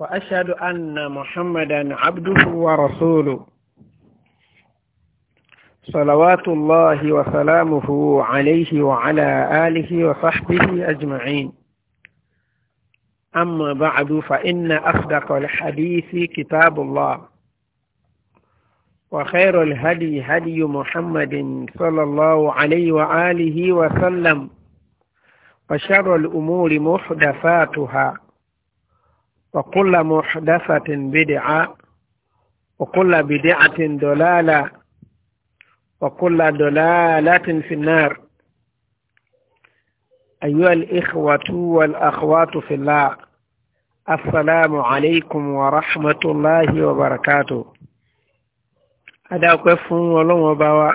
وأشهد أن محمدا عبده ورسوله صلوات الله وسلامه عليه وعلى آله وصحبه أجمعين أما بعد فإن أصدق الحديث كتاب الله وخير الهدي هدي محمد صلى الله عليه وآله وسلم وشر الأمور محدثاتها وكل محدثة بدعة وكل بدعة دلالة وكل دلالة في النار أيها الإخوة والأخوات في الله السلام عليكم ورحمة الله وبركاته هذا كيف ولوم بوا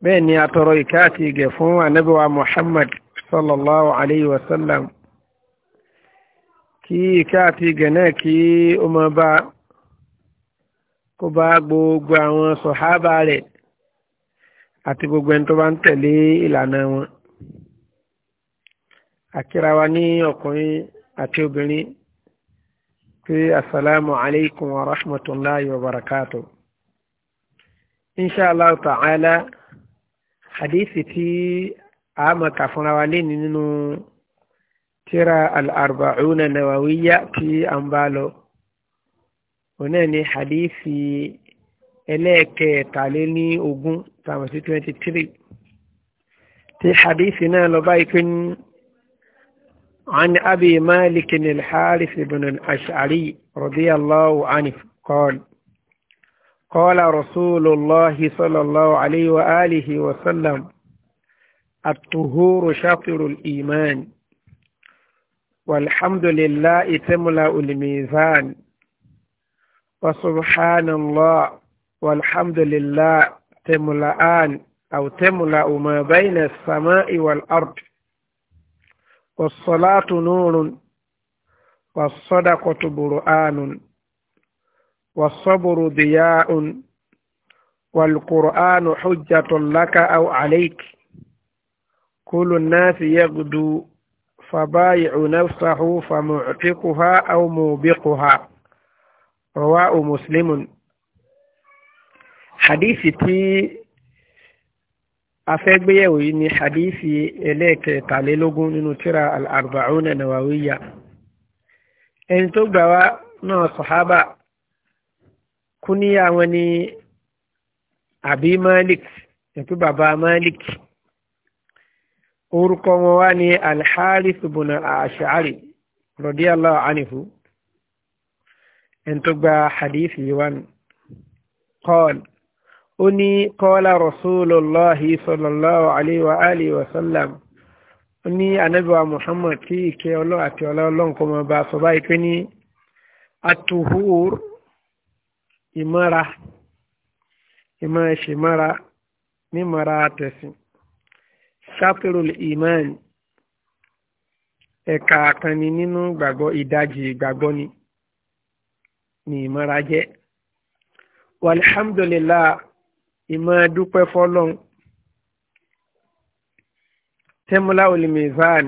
بين يا ترويكاتي قفوا نبوى محمد صلى الله عليه وسلم kí ìkẹ́ àti ìgẹ̀ náà kí ó máa bá kó bá gbogbo àwọn sọ̀hábà rẹ̀ àti gbogbo ẹni tó bá ń tẹ̀lé ìlànà wọn. àkíra wa ní ọkùnrin àti obìnrin pé asalaamu alaykum wa rahmatulahi wa barakatu. inshallah ta'ala hadithi tí a máa kà fúnra wa lénìí nínú. No tíra al-arba'una nawawiyya tí a ń bá lọ òun náà ni hadithi ẹlẹ́ẹ̀kẹtàléní ogún tàbí sí twenty three tí hadithi náà lọ báyìí pé ní عن أبي مالك الحارث بن الأشعري رضي الله عنه قال قال رسول الله صلى الله عليه وآله وسلم الطهور شطر الإيمان والحمد لله تملأ الميزان وسبحان الله والحمد لله تملأان أو تملأ ما بين السماء والأرض والصلاة نور والصدقة برآن والصبر ضياء والقرآن حجة لك أو عليك كل الناس يغدو فبايع نفسه فمعتقها أو موبقها رواه مسلم حديث تي afẹ́gbéyẹ̀wò yìí ni hadithi ẹlẹ́ẹ̀kẹtàlélógún nínú tíra al-arba'una nawawiya ẹni tó gbà wá náà sọ̀hábà kúníyà wọn ni àbí malik ẹ̀kú bàbá malik orúkọ wọn wá ní alharis ibn ashari radiyallahu anhu ẹni tó gba hadith yìí wá ní qala ó ní qala rasulullahi sallallahu alayhi wa alihi wa sallam ó ní anábíwá muhammad tí ìkẹ́ ọlọ́ àti ọlọ́ọ̀lọ́n kọ́ mọ́ bá sọ báyìí pé ní atuhur ìmọ́ra ìmọ̀ ṣèmọ́ra mímọ́ra tẹ̀sìn ṣáfẹ́rọ̀lì imán ẹ̀ka kan ni nínú gbàgbọ́ ìdajì ìgbàgbọ́ ni ni ìmọ̀ra jẹ́ walhamdulilá ìmọ̀ dúpẹ́ fọ́lọ́n tẹ́múlá olùmìzán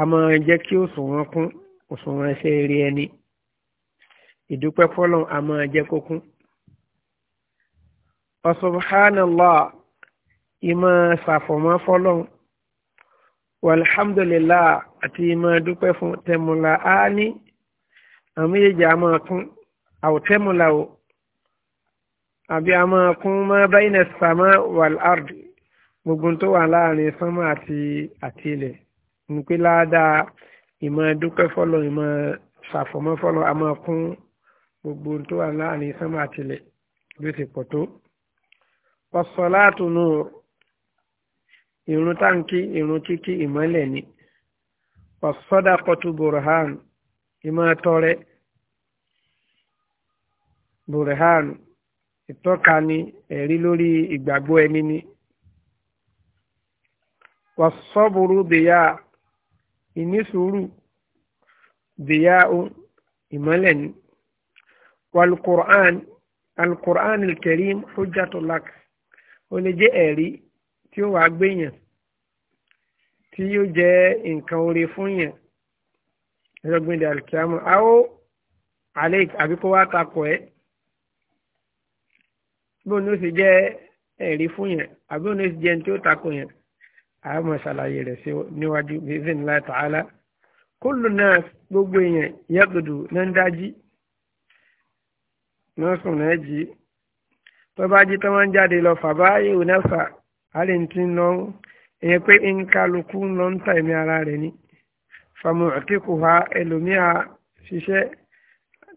àmọ́ jẹ́ kí òṣùwọ̀n kún òṣùwọ̀n ṣe rí ẹni ìdúpẹ́ fọ́lọ́n àmọ́ jẹ́ kó kún ọ̀sùnfàánàlá ìmọ̀ ṣàfọ̀mọ́ fọ́lọ́hún walhamdulillah àti ìmọ̀ dúpẹ́ fún tẹmúlà á ní àmì ìjà máa kún àwòtẹ́múlà o àbí a máa kún mọ́ bẹ́ẹ̀nẹ̀ sàmọ́ wàlárd gbogbo tó wà láàrin sánmọ́ àti àti ilẹ̀ nípé ládàá ìmọ̀ dúpẹ́ fọ́lọ́ ìmọ̀ ṣàfọ̀mọ́ fọ́lọ́ a máa kún gbogbo tó wà láàrin sánmọ́ ti pọ̀ tó. wàsọ̀lá ìrun táǹkì ìrun kíkí ìmọ́lẹ̀ ni ọ̀sọ́dà kọtù burhan ìmọ̀tọ́rẹ́ burhan ìtọ́ka ni ẹ̀rí lórí ìgbàgbọ́ ẹni ni wàsọ́bùrú bìyà ìnísùúrù bìyà ìmọ́lẹ̀ ni wàlùkùrán alukur'an alkarim hujjatulak ó lè jẹ́ ẹ̀rí tí ó wàá gbéyàn tí yóò jẹ́ nǹkan oore fún yàn ẹ̀rọ̀gbìn dàlùkìámù àwọ̀ alek àbí kó wá takò ẹ́ bóun ló sì jẹ́ ẹ̀rí fún yàn àbí òun ló sì jẹ́ ní tí ó takò yàn àwọn ọmọ ṣàlàyé rẹ̀ sí níwájú bíbí ńlá tààlà náà gbogbo èèyàn yàgòdò náà ń dájí náà sùn náà jí tó bá jí tó máa ń jáde lọ fàbáyé ò náà fà àlè ń ti lọ ìyẹn pé ń kálukú lọ ń ta ẹ̀mí ara rẹ̀ ni fàmù àkíkù ha ẹlòmíà ṣiṣẹ́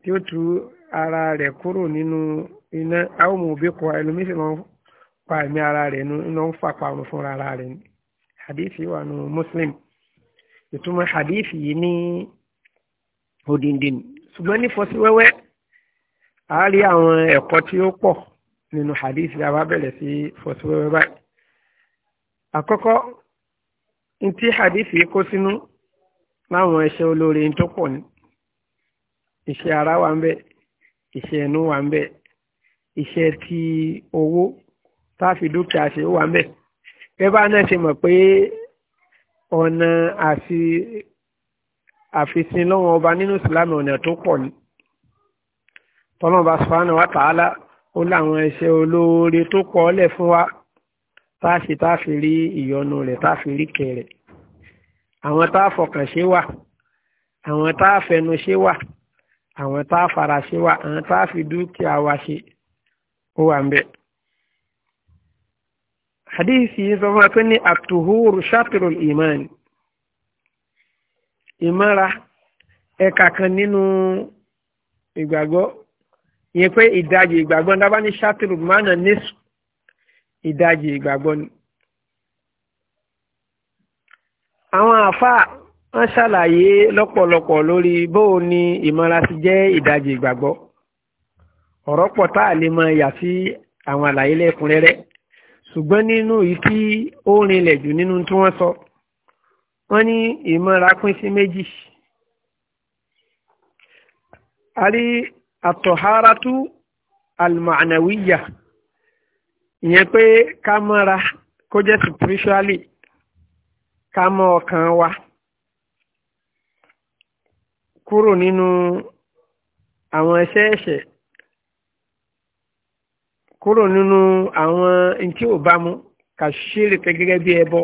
tí ó tu ara rẹ̀ kúrò nínú iná àwọn ọmọ òbí kọ ẹlòmíà sì lọ pa ẹ̀mí ara rẹ̀ nu lọ ń fà parun fúnra ara rẹ̀ ni hadith wà nù muslim ìtumọ̀ hadith yìí ní odindin ṣùgbọ́n ní fọ́síwẹ́wẹ́ a rí àwọn ẹ̀kọ́ tí ó pọ̀ nínú hadith yàrá bẹ̀rẹ̀ sí fọ́síwẹ́wẹ́ báyìí àkọ́kọ́ ntí hadithi kó sínú láwọn iṣẹ́ olóore tó pọ̀ ní iṣẹ́ ara wà ń bẹ iṣẹ́ ẹnu wà ń bẹ iṣẹ́ ti owó táfi dúkìá ṣe wà ń bẹ gẹ́gẹ́ bá náà ṣe mọ̀ pé ọ̀nà àti àfisìn lọ́wọ́ ọba nínú ìsìlámù ọ̀nà tó pọ̀ ní tọ́lọ́mọba sọ́hánà wa tààlà ó láwọn iṣẹ́ olóore tó pọ̀ ọ́lẹ̀ fún wa táàṣì táàfi rí ìyọnu rẹ̀ táàfi rí kẹrẹ̀ àwọn táàfọkàn ṣe wà àwọn táàfẹnu ṣe wà àwọn táàfara ṣe wà àwọn táàfi dúkìá wa ṣe ó wà ń bẹ. hadisi yìí sọ fún wa pé ní atuhuru shatrul iman ìmọ́ra ẹ̀ka kan nínú ìgbàgbọ́ ìyẹn pé ìdajì ìgbàgbọ́ ń ní shatrul mana nisfu ìdajì ìgbàgbọ́ ni. àwọn àáfàá wọ́n ṣàlàyé lọ́pọ̀lọpọ̀ lórí bóò ni ìmọ̀ra ti jẹ́ ìdajì ìgbàgbọ́ ọ̀rọ̀ pọ̀ tá a lè mọ yà sí àwọn àlàyé lẹ́kùnrẹ́rẹ́ ṣùgbọ́n nínú yìí tí ó rinlẹ̀ jù nínú tí wọ́n sọ wọ́n ní ìmọ̀ra pín sí méjì a rí àtọ̀hárátú almanawiya. ìyẹn pé ká mọ́ra kó jẹ́ spiritually ká mọ́ ọkàn wa kúrò nínú àwọn ẹ̀ṣẹ̀ ẹ̀ṣẹ̀ kúrò nínú àwọn ntí ò bá mu kà ṣírí gẹ́gẹ́ bí ẹbọ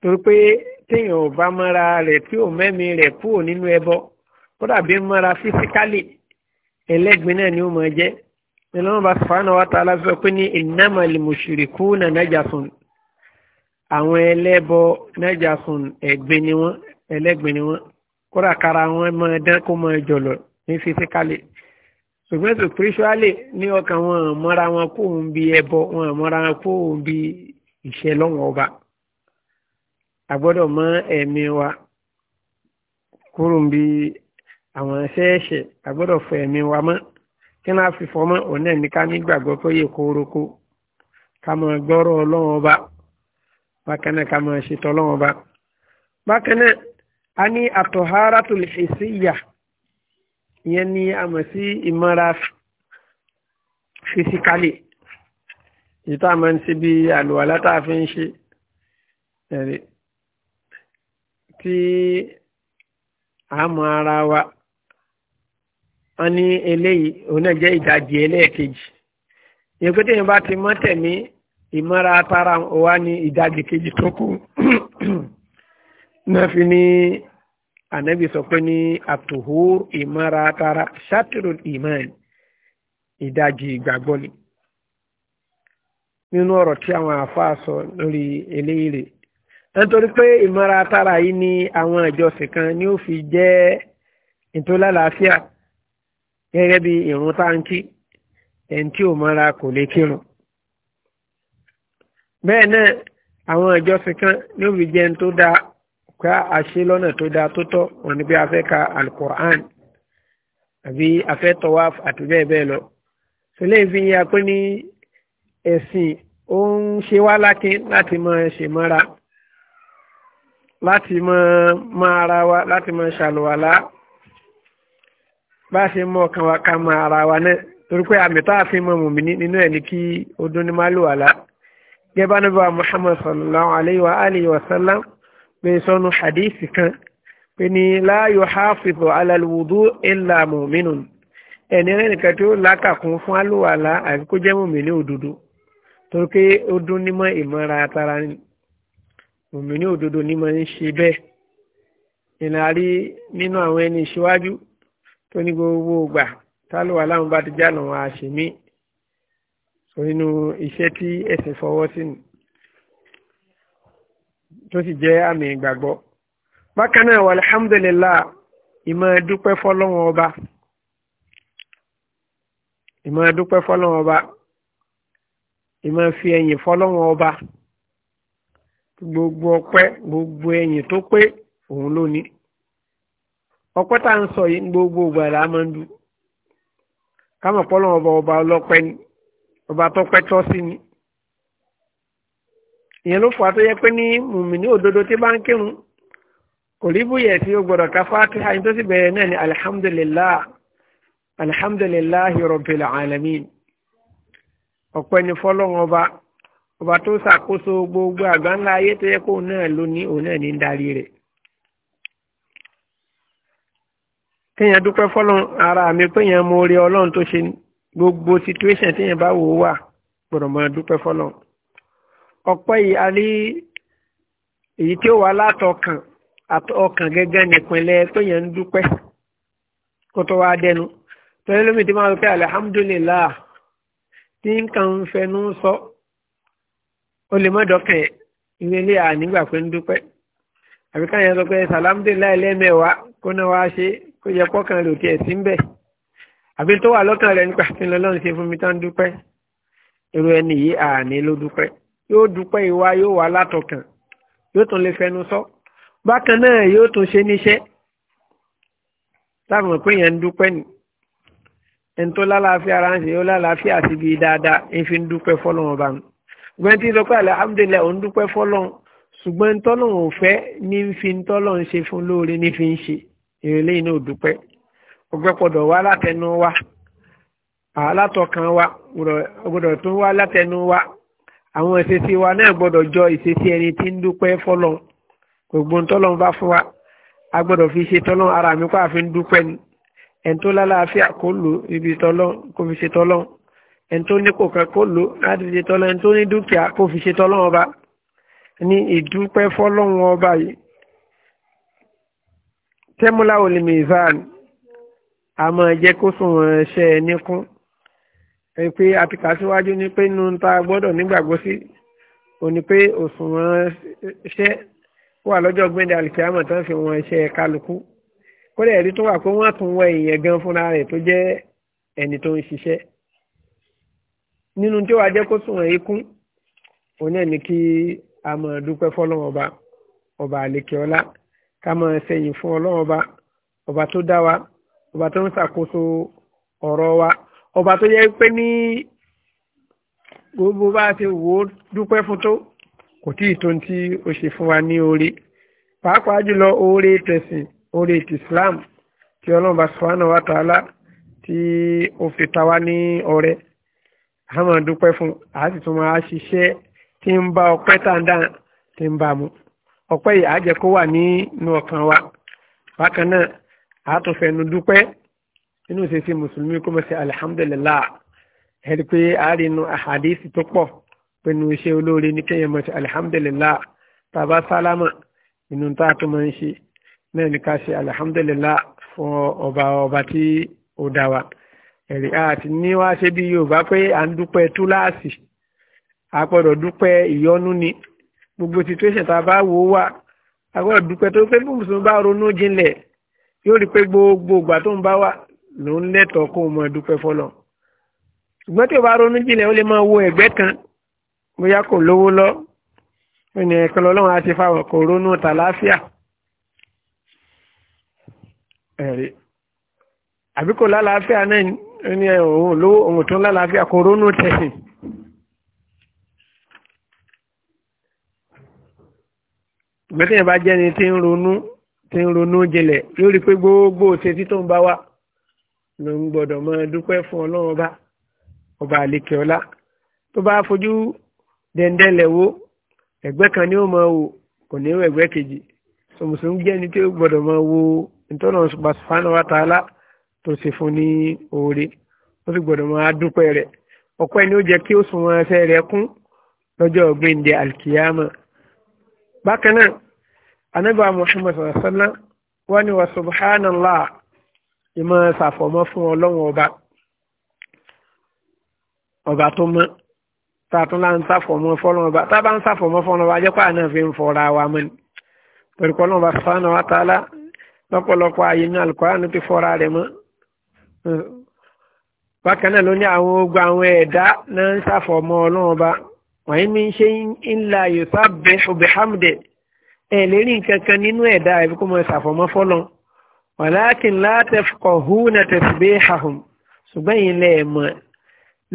torí pé téèyàn ò bá mọ́ra rẹ̀ tí ò mẹ́mi rẹ̀ kúrò nínú ẹbọ kódà dàbí mọ́ra físíkálì ẹlẹ́gbin náà ni ó mọ̀ jẹ́ nínú ọba sùfàánà wa tààlà sọ pé ní innamal mushrikuna najasun àwọn ẹlẹ́bọ najasun ẹ̀gbin ni wọ́n ẹlẹ́gbin ni wọ́n kódà kára wọn máa dán kó máa jọ̀lọ̀ ní fisikálì ṣùgbọ́n spiritually ní ọkàn wọn mọ́ra wọn kó òun bí ẹbọ wọn mọ́ra wọn kó òun bí ìṣẹ́ lọ́wọ́ ọba àgbọ́dọ̀ mọ ẹ̀mí wa kúrò bí àwọn ṣẹ́ẹ̀ṣẹ̀ àgbọ́dọ̀ fọ ẹ̀mí wa mọ́ kí náà fi fọmọ́ òun náà ní ká nígbàgbọ́ pé yẹ kórókó ká máa gbọ́rọ̀ ọlọ́run ọba bákan náà ká máa ṣètò ọlọ́run ọba bákan náà a ní at-taharatul hissiyya ìyẹn ní a sí ìmọ̀ra fisikálì èyí tá a máa ń ṣe bí àlùwàlá tá ṣe ẹ̀rí tí a mọ ara wa wọ́n ní eléyìí òun náà jẹ́ ìdajì ẹlẹ́ẹ̀kejì ìyẹn pé téèyàn bá ti mọ́ tẹ̀mí ìmọ́ra tara wa ní ìdajì kejì tó kù náà fi ní ànábì sọ pé ní àtòhúr ìmọ́ra tara ṣàtìrò ìmánì ìdajì ìgbàgbọ́ ni nínú ọ̀rọ̀ tí àwọn àáfàá sọ lórí eléyìí rèé nítorí pé ìmọ́ra tara yìí ní àwọn ìjọsìn kan ni ó fi jẹ́ ìtòlálàáfíà gẹ́gẹ́ bí ìrún táǹkì ẹni tí ò mọ́ra kò lè kírun bẹ́ẹ̀ náà àwọn ìjọsìn kan ní òbí jẹun tó dáa ká àṣe lọ́nà tó dáa tó tọ́ wọn ni bí a fẹ́ ka alukur'an àbí a fẹ́ tawaf àti bẹ́ẹ̀ bẹ́ẹ̀ lọ sílẹ̀ fi ya pé ní ẹ̀sìn ó ń ṣe wá lákin láti máa ṣe mọ́ra láti máa máa ara wa láti máa ṣàlùwàlá bá ṣe mọ́ ọkàn wa ká mọ ara wa náà torí pé àmì tá a fi mọ mùmí nínú ẹ̀ ní kí odún ní máa lò wà lá gẹ́gẹ́ bá níbi wa Muhammad sallallahu alayhi wa alihi wa sallam pé sọnù hadith kan pé ní la yuhafizu ala al-wudu illa mu'minun ẹni rẹ̀ nìkan tí ó lákàkún fún alùwàlá àbí kó jẹ́ mùmí òdodo torí pé odún ní mọ́ ìmọ̀ra tara ni mùmí òdodo ní mọ́ ń ṣe bẹ́ẹ̀ ìlàrí nínú àwọn ẹni ìṣíwájú tó ní gbogbo ògbà tálùwà láwọn bá ti jáná wọn àṣemí nínú iṣẹ́ tí ẹ̀sìn fọwọ́ sí ni tó sì jẹ́ àmì ìgbàgbọ́ bákan náà wà alhamdulillah ìmọ̀ dúpẹ́ fọlọ́wọ́n ọba ìmọ̀ dúpẹ́ fọlọ́wọ́n ọba ìmọ̀ fi ẹ̀yìn fọlọ́wọ́n ọba gbogbo ọpẹ́ gbogbo ẹ̀yìn tó pé òun ló ọpẹ́ tá à ń sọ yìí gbogbo ìgbà là á máa ń dù kámọ̀ pọ́lọ́ ọba ọba ọlọ́pẹ́ ni ọba tó pẹ́ tọ́ sí ni ìyẹn ló fà á tó yẹ pé ní mùmíní òdodo tí bá ń kírun kò rí búyẹ̀ sí o gbọ́dọ̀ ká fátíhà tó sì bẹ̀rẹ̀ náà ni alhamdulillah alhamdulillahi rabbil alamin ọpẹ́ ni fọ́lọ́run ọba ọba tó ṣàkóso gbogbo àgbáńlá ayé tó yẹ kó náà lóní òun náà ní darí rẹ̀ kéèyàn dúpẹ́ fọ́lọ́n ara mi pé èèyàn mo rí ọlọ́run tó ṣe gbogbo situation téèyàn bá wò ó wà gbọ́dọ̀ mọ̀ dúpẹ́ fọ́lọ́n ọ̀pọ̀ yìí a rí èyí tí ó wà látọkàn ọkàn gẹ́gẹ́ nípìnlẹ̀ péèyàn ń dúpẹ́ kó tó wá dẹnu torí lómi tí máa ń pẹ́ alihamudulilah tí nǹkan ń fẹnu sọ ó lè mọ́ dọ́kàn ìwé ilé ànígbà pé ń dúpẹ́ àbíkáyọ̀ sọ pé sàlámùdùlá ẹlẹ́mẹ̀wá kó náà wá ṣe é kó yẹ kọ́kàn rẹ̀ ò tiẹ̀ sí ń bẹ̀ àbí tó wà lọ́kàn rẹ̀ nípa tí lọ́lọ́run ṣe fún mi tán dúpẹ́ irú ẹni yìí àní ló dúpẹ́ yóò dúpẹ́ ìwá yóò wà látọkàn yóò tún lè fẹnu sọ bákan náà yóò tún ṣe níṣẹ́ táwọn pé yẹn ń dúpẹ́ ni ẹni tó lálàáfíà ara ń ṣe yóò lálàáfíà síbi dáadáa ń fi ń dúpẹ́ fọlọ́wọ́n bá mi gbọ́n sọ pé alhamdulilayi òun dúpẹ́ fọlọ́wọ́n ṣùgbọ́n tọ́lọ́wọ́n ò ní fi ń ṣe fún lóore ní fi ń ṣe ìrẹ̀lẹ̀ iná ò dúpẹ́ ọgbẹ́ pọ̀dọ̀ wá látẹnu wa alátọkàn wa ọgbọ́dọ̀ tó wá látẹnu wa àwọn ìṣesí wa náà gbọ́dọ̀ jọ ìṣesí ẹni tí ń dúpẹ́ fọlọ́n gbogbo tọ́lọ́n bá fún wa a gbọ́dọ̀ fi ṣe tọ́lọ́n ara mi kó àfi ń dúpẹ́ ni ẹni tó lálàáfíà kó lò ibi tọ́lọ́n kó fi ṣe tọ́lọ́n ẹni tó ní kò kó lò láti fi ṣe tọ́lọ́n ẹni tó ní dúkìá kó fi ṣe tọ́lọ́n ọba ní ìdúpẹ́ fọlọ́n ọba yìí tẹ́múlá olùmìzán a máa jẹ́ kó sùn wọn ṣe é níkún pé àtìkà síwájú ni pé nínú ta gbọ́dọ̀ nígbàgbọ́ sí o ní pé òṣùwọ̀n ṣẹ́ wà lọ́jọ́ gbẹ́ndẹ̀ alìkíyàmọ̀ tán fi wọn ṣe kálukú kódà ẹ̀rí tó wà pé wọ́n tún wọ èèyàn gan fúnra rẹ̀ tó jẹ́ ẹni tó ń ṣiṣẹ́ nínú tí ó wà jẹ́ kó sùn ẹ̀yìn kún òun náà ní kí a máa dúpẹ́ fọ́lọ́wọ́n ọba ọba àlekè ká máa ṣẹ̀yìn fún ọlọ́run ọba ọba tó dá wa ọba tó ń ṣàkóso ọ̀rọ̀ wa ọba tó yẹ pé ní gbogbo bá a ṣe wò ó dúpẹ́ fún tó kò tí ì tó ń tí ó ṣe fún wa ní oore pàápàá jùlọ oore tẹ̀sìn oore ti Islam tí ọlọ́run bá subhanahu wa ta'ala tí ó fi ta wá ní ọrẹ a máa dúpẹ́ fún a sì tún máa ṣiṣẹ́ tí ń bá ọpẹ́ tàǹdà tí ń bá mu ọpẹ́ yìí àjẹ́ kó wà nínú ọkàn wa bákan náà àtúnfẹ̀nu dúpẹ́ nínú ìṣesí mùsùlùmí kó mọ̀ sí alihamdulilah ẹ̀rí pé àárínú àhàdísì tó pọ̀ pẹ̀lú iṣẹ́ olóore ní kéèyàn mọ̀ sí alihamdulilah tàbá sálámà inú tá a tó máa ń ṣe náà ní ká ṣe alihamdulilah fún ọba ọba tí ó dá wa ẹ̀rí àti ní wá ṣe bí Yorùbá pé à ń dúpẹ́ túláàsì a dúpẹ́ ìyọ́nú ni gbogbo situation tá a bá wò ó wà a gbọ́dọ̀ dúpẹ́ tó pé bí mùsùlùmí bá ronú jinlẹ̀ yóò rí pé gbogbo ìgbà tó ń bá wà ló ń lẹ́tọ̀ọ́ kó o mọ̀ dúpẹ́ fọlọ́ ṣùgbọ́n tí o bá ronú jinlẹ̀ o lè máa wo ẹ̀gbẹ́ kan bóyá kò lówó lọ ènìyàn kan lọ́lọ́run á ti fáwọn kò ronú tàlàáfíà ẹ̀rí àbí kò lálàáfíà náà ní òun lówó òun tó ń kò ronú tẹ̀sìn ìgbẹ́tẹ̀yìn bá jẹ́ni tí ń ronú tí ń ronú jinlẹ̀ yóò rí pé gbogbo òtẹ́tí tó ń bá wá ló ń gbọ́dọ̀ mọ dúpẹ́ fún ọlọ́run ọba ọba àlekè ọlá tó bá fojú dẹ̀ndẹ̀lẹ̀ wo ẹ̀gbẹ́ kan ni ó mọ wò kò ní wọ ẹ̀gbẹ́ kejì sọmùsùn jẹ́ni tí ó gbọ́dọ̀ mọ wo ìtọ́nà subhanahu wa ta'ala tó ṣe fún ní oore ó sì gbọ́dọ̀ máa dúpẹ́ rẹ̀ ọ̀pọ̀ ẹni ó jẹ́ kí ó sùn wọn ẹsẹ̀ rẹ̀ kún lọ́jọ́ ọ̀gbìn bákan náà anábà muhammad sàlásánná wọ́n ní wa subhanallah ìmọ̀ ṣàfọ̀mọ́ fún ọlọ́run ọba ọba tó mọ́ tààtún láà ń ṣàfọ̀mọ́ fọ́lọ́run ọba tá a bá ń ṣàfọ̀mọ́ fọ́lọ́run ọba ajẹ́pọ̀ àná fi ń fọ́ra wa mọ́ ni pẹ̀lú kọ́ lọ́wọ́ bá subhanahu wa ta'ala lọ́pọ̀lọpọ̀ ààyè ní alukóran ti fọ́ra rẹ̀ mọ́ bákan náà ló ní àwọn ogun àwọn ẹ̀dá náà ń ṣàfọ̀mọ́ ọlọ́run ọba wàá mi ṣe ńlá yorùbá bẹ ọbẹ̀hámdẹ̀ ẹ̀ lérí nǹkan kan nínú ẹ̀dá ẹ̀bí kó mọ̀ ṣàfọ̀mọ́ fọ́lọ́ wàláàkín látẹ̀fọ̀ húnà tẹ̀síbẹ̀ àhùn ṣùgbọ́n yìí lẹ́ẹ̀mọ̀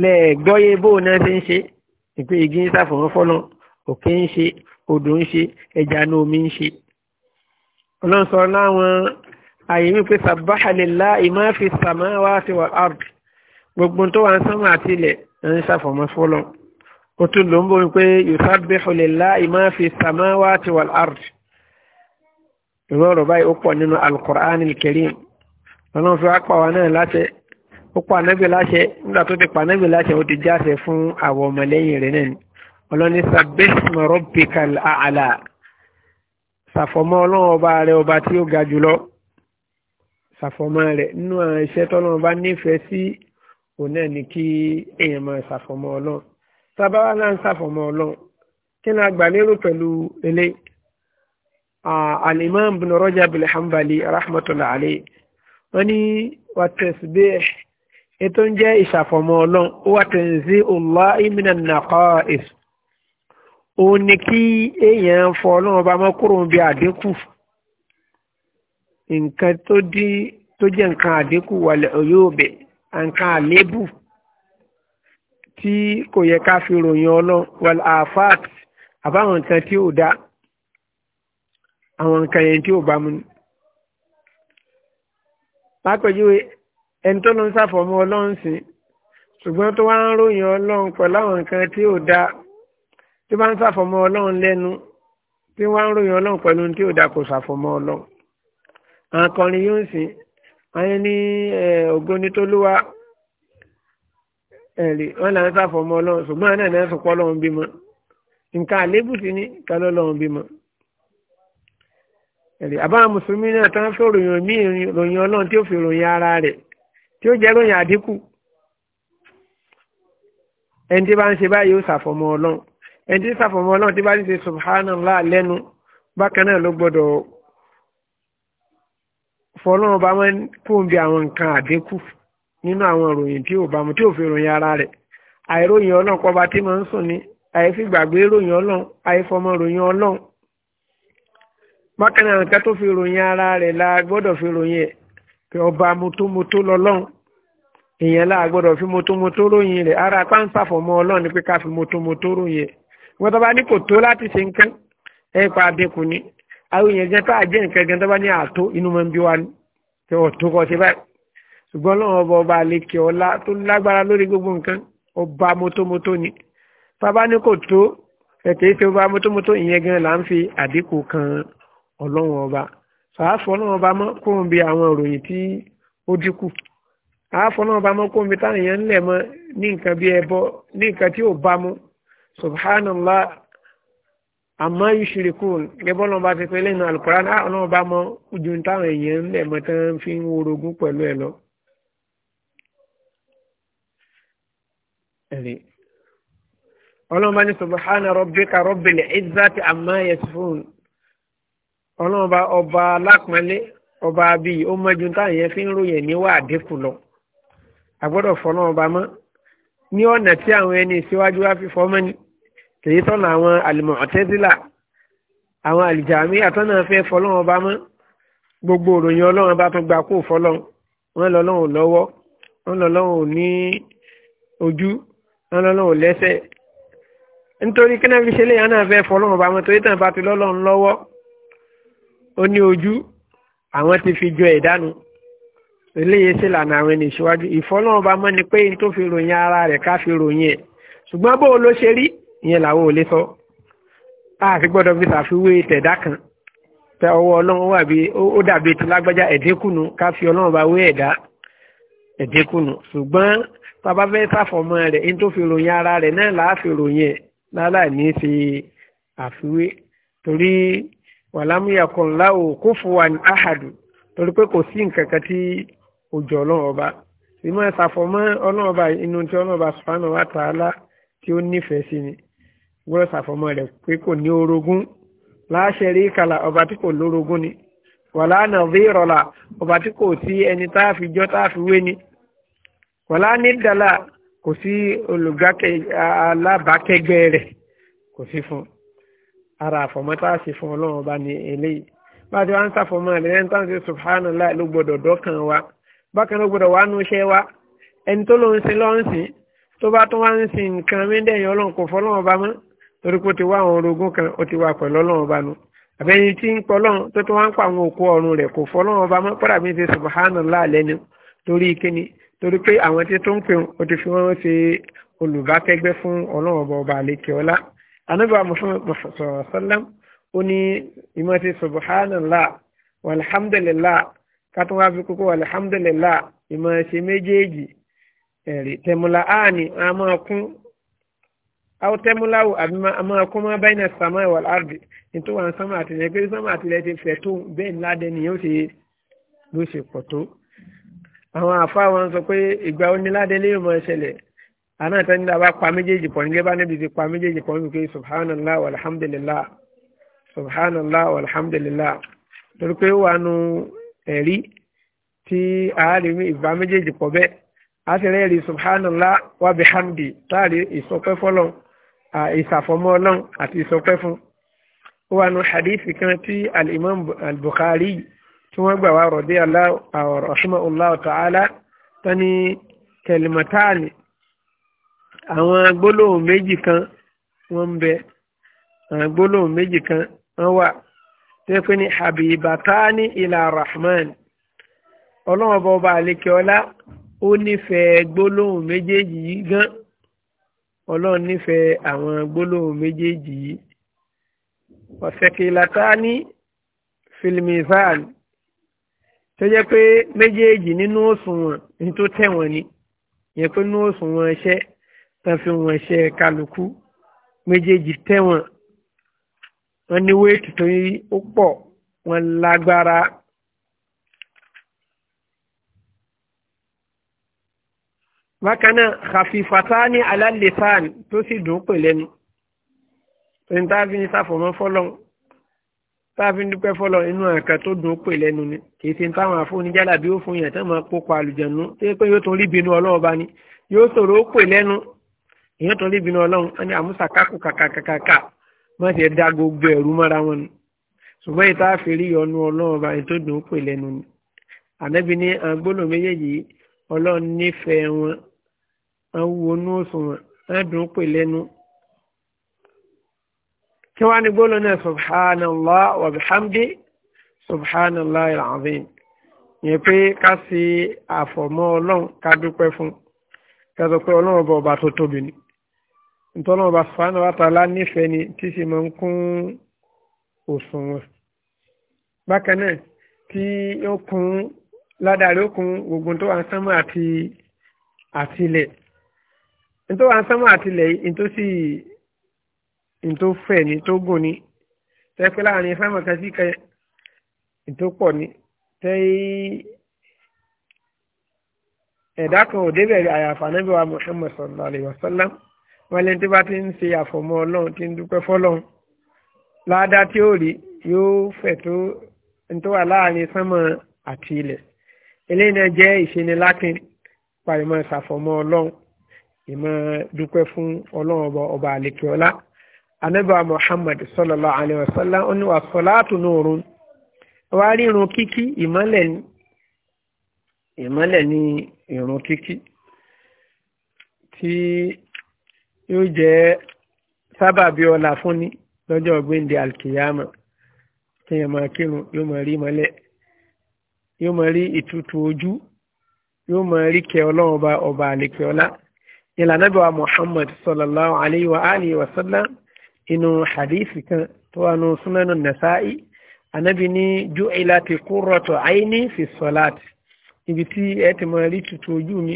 lẹ́ẹ̀gbọ́yé bó náà ṣe ń ṣe ìpé igi ń ṣàfọ̀mọ́ fọ́lọ́ òkè ń ṣe odò ń ṣe ẹja ní omi ń ṣe. ọlọ́run sọ láwọn àyè ó tún ló ń bọ́ wípé yusabbihu lillahi ma fi samawati wal ardi ìwé ọ̀rọ̀ báyìí ó pọ̀ nínú al-Qur'anil Karim ọlọ́run fi wá pa wa náà láṣẹ ó pa anábì láṣẹ ti pa anábì láṣẹ ó ti jáṣẹ fún àwọn ọmọlẹ́yìn rẹ̀ náà ni ọlọ́ni sabbihisma rabbikal a'la ṣàfọ̀mọ́ ọlọ́run ọba rẹ̀ ọba tí ó ga jùlọ ṣàfọ̀mọ́ rẹ̀ nínú àwọn iṣẹ́ tọ́lọ́run bá nífẹ̀ẹ́ sí òun náà ni kí èèyàn máa ṣàfọ̀mọ́ ọlọ́run sábà wà náà ń sàfọ̀mọ́ ọlọ́run kí ni agbálérò pẹ̀lú ilé alimam bin Rajab al-Hanbali rahmatullahi alayhi wọ́n ní wà tasbih ètò ń jẹ́ ìsàfọ̀mọ́ ọlọ́run ó wà tanzi Allahi minan naqa'is òun ni kí èèyàn fọ ọlọ́run ọba mọ́kúrò bí àdínkù nǹkan tó jẹ́ nǹkan àdínkù wal uyub nǹkan àlébù tí kò yẹ ká fi ròyìn ọlọ́run wal afat àbáwọn nǹkan tí ò dá àwọn nǹkan yẹn tí ò bá mu ni. lápèjúwe ẹni tó ló ń ṣàfọ̀mọ́ ọlọ́run sìn ṣùgbọ́n tó wá ń ròyìn ọlọ́run pẹ̀lú àwọn nǹkan tí ò dá tí bá ń ṣàfọ̀mọ́ ọlọ́run lẹ́nu tí wọ́n ń ròyìn ọlọ́run pẹ̀lú tí ò dá kò ṣàfọ̀mọ́ ọlọ́run. àwọn yóò sìn àwọn ẹni ògbóni tó lówà ẹ̀rí wọn là ń sáfọ ọmọ ọlọ́run ṣùgbọ́n àná náà sọpọ́ ọlọ́run bímọ nǹkan àlébù sí ní kálọ́ ọlọ́run bímọ. ẹ̀rí àbá mùsùlùmí náà tán fẹ́ ròyìn mí ròyìn ọlọ́run tí ó fi ròyìn ara rẹ̀ tí ó jẹ́ ròyìn àdínkù. ẹni tí bá ń ṣe báyìí ó ṣàfọmọ ọlọ́run ẹni tí ṣàfọmọ ọlọ́run tí bá ń ṣe subhanallah lẹ́nu bákan náà ló gbọ́dọ̀ fọlọ́run bá wọn kó ń bi àwọn nǹkan àdínkù nínú àwọn ìròyìn tí ò bá mu tí ò fi ròyìn ara rẹ̀ àìròyìn ọlọ́run pọba tí mo ń sùn ni àìfigbàgbé ròyìn ọlọ́run àìfọmọ ròyìn ọlọ́run bákan náà nǹkan tó fi ròyìn ara rẹ̀ la gbọ́dọ̀ fi ròyìn ẹ̀ pé ọba motomoto lọ́lọ́run èèyàn la gbọ́dọ̀ fi motomoto ròyìn rẹ̀ ara pàǹsàfọ̀mọ́ ọlọ́run ni pé ká fi motomoto ròyìn ẹ̀ wọ́n tó bá ní kò tó láti ṣe nǹkan ẹ̀ pa adínkù ni àwọn èèyàn gan tó àjẹ́ nǹkan gan tó ní àtó inú mọ́ ń bí wa ni pé ọ̀tó kọ́ ṣe báyìí ṣùgbọ́n lọ́wọ́ ọba ọba àlekè ọlá tó lágbára lórí gbogbo nǹkan ọba mọ́tómọ́tó ni bàbá ní kò tó ẹ̀tẹ̀ ìfẹ́ ọba mọ́tómọ́tó ìyẹn gan là ń fi àdínkù kan ọlọ́wọ́ ọba sàáfọ́ ọlọ́wọ́ ọba mọ́ kó ń bi àwọn ìròyìn tí ó dínkù àáfọ́ ọlọ́wọ́ ọba mọ́ kó ń bi táwọn èèyàn ń lẹ̀ mọ́ ní nǹkan bí ẹbọ ní nǹkan tí ò bá mú subhanallah àmọ́ ìṣirikù gẹ́gẹ́ lọ́ba ti pẹ́ lẹ́nu alukoran ọlọ́wọ́ ọba mọ́ ojú táwọn èèyàn ń lẹ̀ mọ́ tán fi ń worogún pẹ̀lú ẹ̀ lọ ẹ̀rí ọlọ́run bá ní subhana rabbika rabbil izzati amma yasifun ọlọ́run bá ọba alápọ̀nlé ọba abiyì ó mọ́jú táwọn yẹn fi ń ròyìn níwà àdínkù lọ àgbọ́dọ̀ fọ́ náà ọba mọ́ ní ọ̀nà tí àwọn ẹni ìṣíwájú wá fi fọ́ mọ́ni kìí tọ́nà àwọn àlùmọ̀tẹ́sílà àwọn àlìjàmí àtọ́nà fẹ́ fọlọ́run ọba mọ́ gbogbo òròyìn ọlọ́run bá tún gba kó fọlọ́run wọn lọ́lọ́run lọ́wọ́ ojú lọ́lọ́lọ́ ò lẹ́sẹ̀ nítorí kí náà fi ṣe léyàn náà fẹ́ fọlọ́run bá wọn torí tàn bá ti lọ́lọ́run lọ́wọ́ ó ní ojú àwọn ti fi jọ ẹ̀dánu eléyè sí lànà àwọn ẹni ìṣíwájú ìfọlọ́run bá mọ́ ni pé n tó fi ròyìn ara rẹ̀ ká fi ròyìn ẹ̀ ṣùgbọ́n bó o ló ṣe rí ìyẹn làwọn ò lè sọ àfi gbọ́dọ̀ fi ṣàfiwé tẹ̀dá kan pé ọwọ́ ọlọ́run wà bí ó dàbí ti lágbájá ẹ̀dínkùnú ká fi ọlọ́run bá wé ẹ̀dá ẹ̀dínkùnú ṣùgbọ́n tàbá fẹ́ sàfọ̀mọ́ rẹ̀ ní tó fi ròyìn ara rẹ̀ náà làá fi ròyìn ẹ̀ láláì ní ṣe àfiwé torí wàlámúyàkùn láwò kó fòwà ní àhàdù torí pé kò sí nǹkan kan tí òjò ọlọ́run ọba ìmọ̀ ìsàfọ̀mọ́ ọlọ́run inú tí ọlọ́run sùpánù wà tààlà tí ó nífẹ̀ẹ́ sí ni gbọ́dọ̀ sàfọ̀mọ́ rẹ̀ pé kò ní orogún láṣẹ rí kàlà ọba tí kò lórogún ni wàlánà bí ìrọ̀là ọba tí kò sí ẹni tá a fi jọ́ tá a fi wé ni wọ́lá ní dàlà kò sí olùgbàkẹ́ alábàákẹ́gbẹ́ rẹ̀ kò sí fún ara àfọ̀mọ́tà sí fún ọlọ́run ọba ní eléyìí bá a ti wá ń sàfọ̀mọ́ rẹ̀ ẹni tó ń ṣe subhanallah ló gbọ́dọ̀ dọ́kàn wa bákan ló gbọ́dọ̀ wá nu wa ẹni tó ló ń sin lọ́n sìn tó bá tún wá ń sin nǹkan mẹ́ndẹ̀yìn ọlọ́run kò fọlọ́run ọba mọ́ torí pé ti wá àwọn orogún kan ó ti wà pẹ̀lú ọlọ́run ọba nu àbẹ́ni tí ń pọ̀ lọ́run tó tún wá ń pa àwọn òkú ọ̀run rẹ̀ kò fọlọ́run ọba mọ́ kódà bí ń ṣe subhanallah lẹ́nu torí kíni torí pé àwọn tí tó ń pè ó ti fi wọ́n ṣe olùbákẹ́gbẹ́ fún ọlọ́run ọba ọba àlekè ọlá anábà mọ̀sọ̀rọ̀sọ́lá ó ní ìmọ̀ ti subhanallah walhamdulillah kátó wá fi kókó walhamdulillah ìmọ̀ ṣe méjèèjì ẹ̀rí tẹ̀mùlà áàní a máa kún àwọn tẹ̀mùlà wò àbí a máa kún máa báyìí náà sàmà ìwà láàbì nítorí àwọn sàmà àtìlẹ́yìn pé sàmà àtìlẹ́yìn ti fẹ̀ tó bẹ́ẹ̀ ńlá dẹ́ni yóò ṣe ló ṣe pọ̀ tó àwọn àfáà wọn sọ pé ìgbà oníládé lè mọ ẹsẹ̀lẹ̀ àná ìtàn nígbà bá pa méjèèjì pọ̀ nígbà bá níbi ti pa méjèèjì pọ̀ níbi subhanallah walhamdulillah subhanallah walhamdulillah torí pé ó wà nù ẹ̀rí tí àárín ìgbà méjèèjì pọ̀ bẹ́ẹ̀ a sì rẹ́ẹ̀rí subhanallah wa bihamdi táàrí ìsọpẹ́ fọlọ́n ìsàfọmọ́ ọlọ́n àti ìsọpẹ́ fún ó wà nù hadith kan tí al-imam al-bukhari tí wọ́n gbà wá rọ̀dí uh, rahimahullahu ta'ala tani kẹlìmọ̀táàlì àwọn gbólóhùn méjì kan wọ́n ń bẹ àwọn gbólóhùn méjì kan wọ́n wà tẹ́ pé ní habibatani ila rahman ọlọ́run ọba ọba àlekè ọlá ó nífẹ̀ẹ́ gbólóhùn méjèèjì yìí gan ọlọ́run nífẹ̀ẹ́ àwọn gbólóhùn méjèèjì yìí ọ̀sẹ̀kìlátání fil mizan tó jẹ́ pé méjèèjì nínú òṣùwọ̀n ní tó tẹ̀ wọ́n ni yẹn pé nínú òṣùwọ̀n iṣẹ́ tán fi wọ́n ṣe kálukú méjèèjì tẹ̀ wọ́n wọ́n ní wéètì tó yí ó pọ̀ wọ́n lágbára. bákan náà khafifatani ala lisan tó sì dùn pè lẹ́nu tó ń tá a fi ní sáfọ̀mọ́ fọ́lọ́n tá a fi ń dúpẹ́ fọ́lọ́ inú àkà tó dùn ó pè lẹ́nu ni kìí í ti ń táwọn afúnijálà bí ó fún yàn tán máa kópa àlùjànú tó yẹ pé yóò tún rí bínú ọlọ́run bá ní yóò sọ̀rọ̀ ó pè lẹ́nu tún rí bínú ọlọ́run àmúṣà kákù kàkàkàkà má dá gbogbo ẹ̀rú mọ́ra ni ṣùgbọ́n rí ọnu kí wá ní gbóló náà subhanallah wa bihamdi subhanallah al-azim yẹn pé ká sí àfọ̀mọ́ ọlọ́run ká dúpẹ́ fún ká sọ pé ọlọ́run ọba ọba tó tóbi ni nítorí ọba sùfàánù wàtàlá nífẹ̀ẹ́ ni tí sì máa ń kún òṣùwọ̀n bákan náà tí ó kún ládàrí ó kún gbogbo tó wà ń sánmọ́ àti àtilẹ̀ nítorí wà ń sánmọ́ àtilẹ̀ yìí nítòsí ní tó ni ní tó gùn ní tẹ́ pé láàrin fáwọn kan sí kan ní tó pọ̀ ní tẹ́ kan ò débẹ̀ àyàfà níbi wa Muhammad sallallahu alayhi wa sallam wọn lẹ́ni tó bá ti ń ṣe àfọ̀mọ́ ọlọ́run ti ń dúpẹ́ fọ́lọ́run láàdá tí ó rí yóò fẹ̀ tó ní tó wà láàrin sánmọ̀ àti ilẹ̀ eléyìí náà jẹ́ ìṣenilákin parimọ̀ ìṣàfọ̀mọ́ ọlọ́run ìmọ̀ dúpẹ́ fún ọlọ́run ọba àlekèọlá anábà muhammad sallallahu alaihi wasallam ó ní wà sọ́látù nurun wá rí irun kíkí ìmọ́lẹ̀ ni ìmọ́lẹ̀ ni irun kíkí tí yóò jẹ́ sábàbí ọlá fúnni lọ́jọ́ gbéǹde alkiyama tí yẹn máa kírun yóò máa rí mọ́lẹ̀ yóò máa rí ìtutù ojú yóò máa rí kẹ ọlọ́run ọba ọba ọlá ìlànà bí wa muhammad sallallahu alaihi inú hadith kan tó wà nù súnmẹ́nu nasa'i anábì ní ju'ilati qurratu aini fi salati ibi tí ẹ ti máa rí tutù ojú mi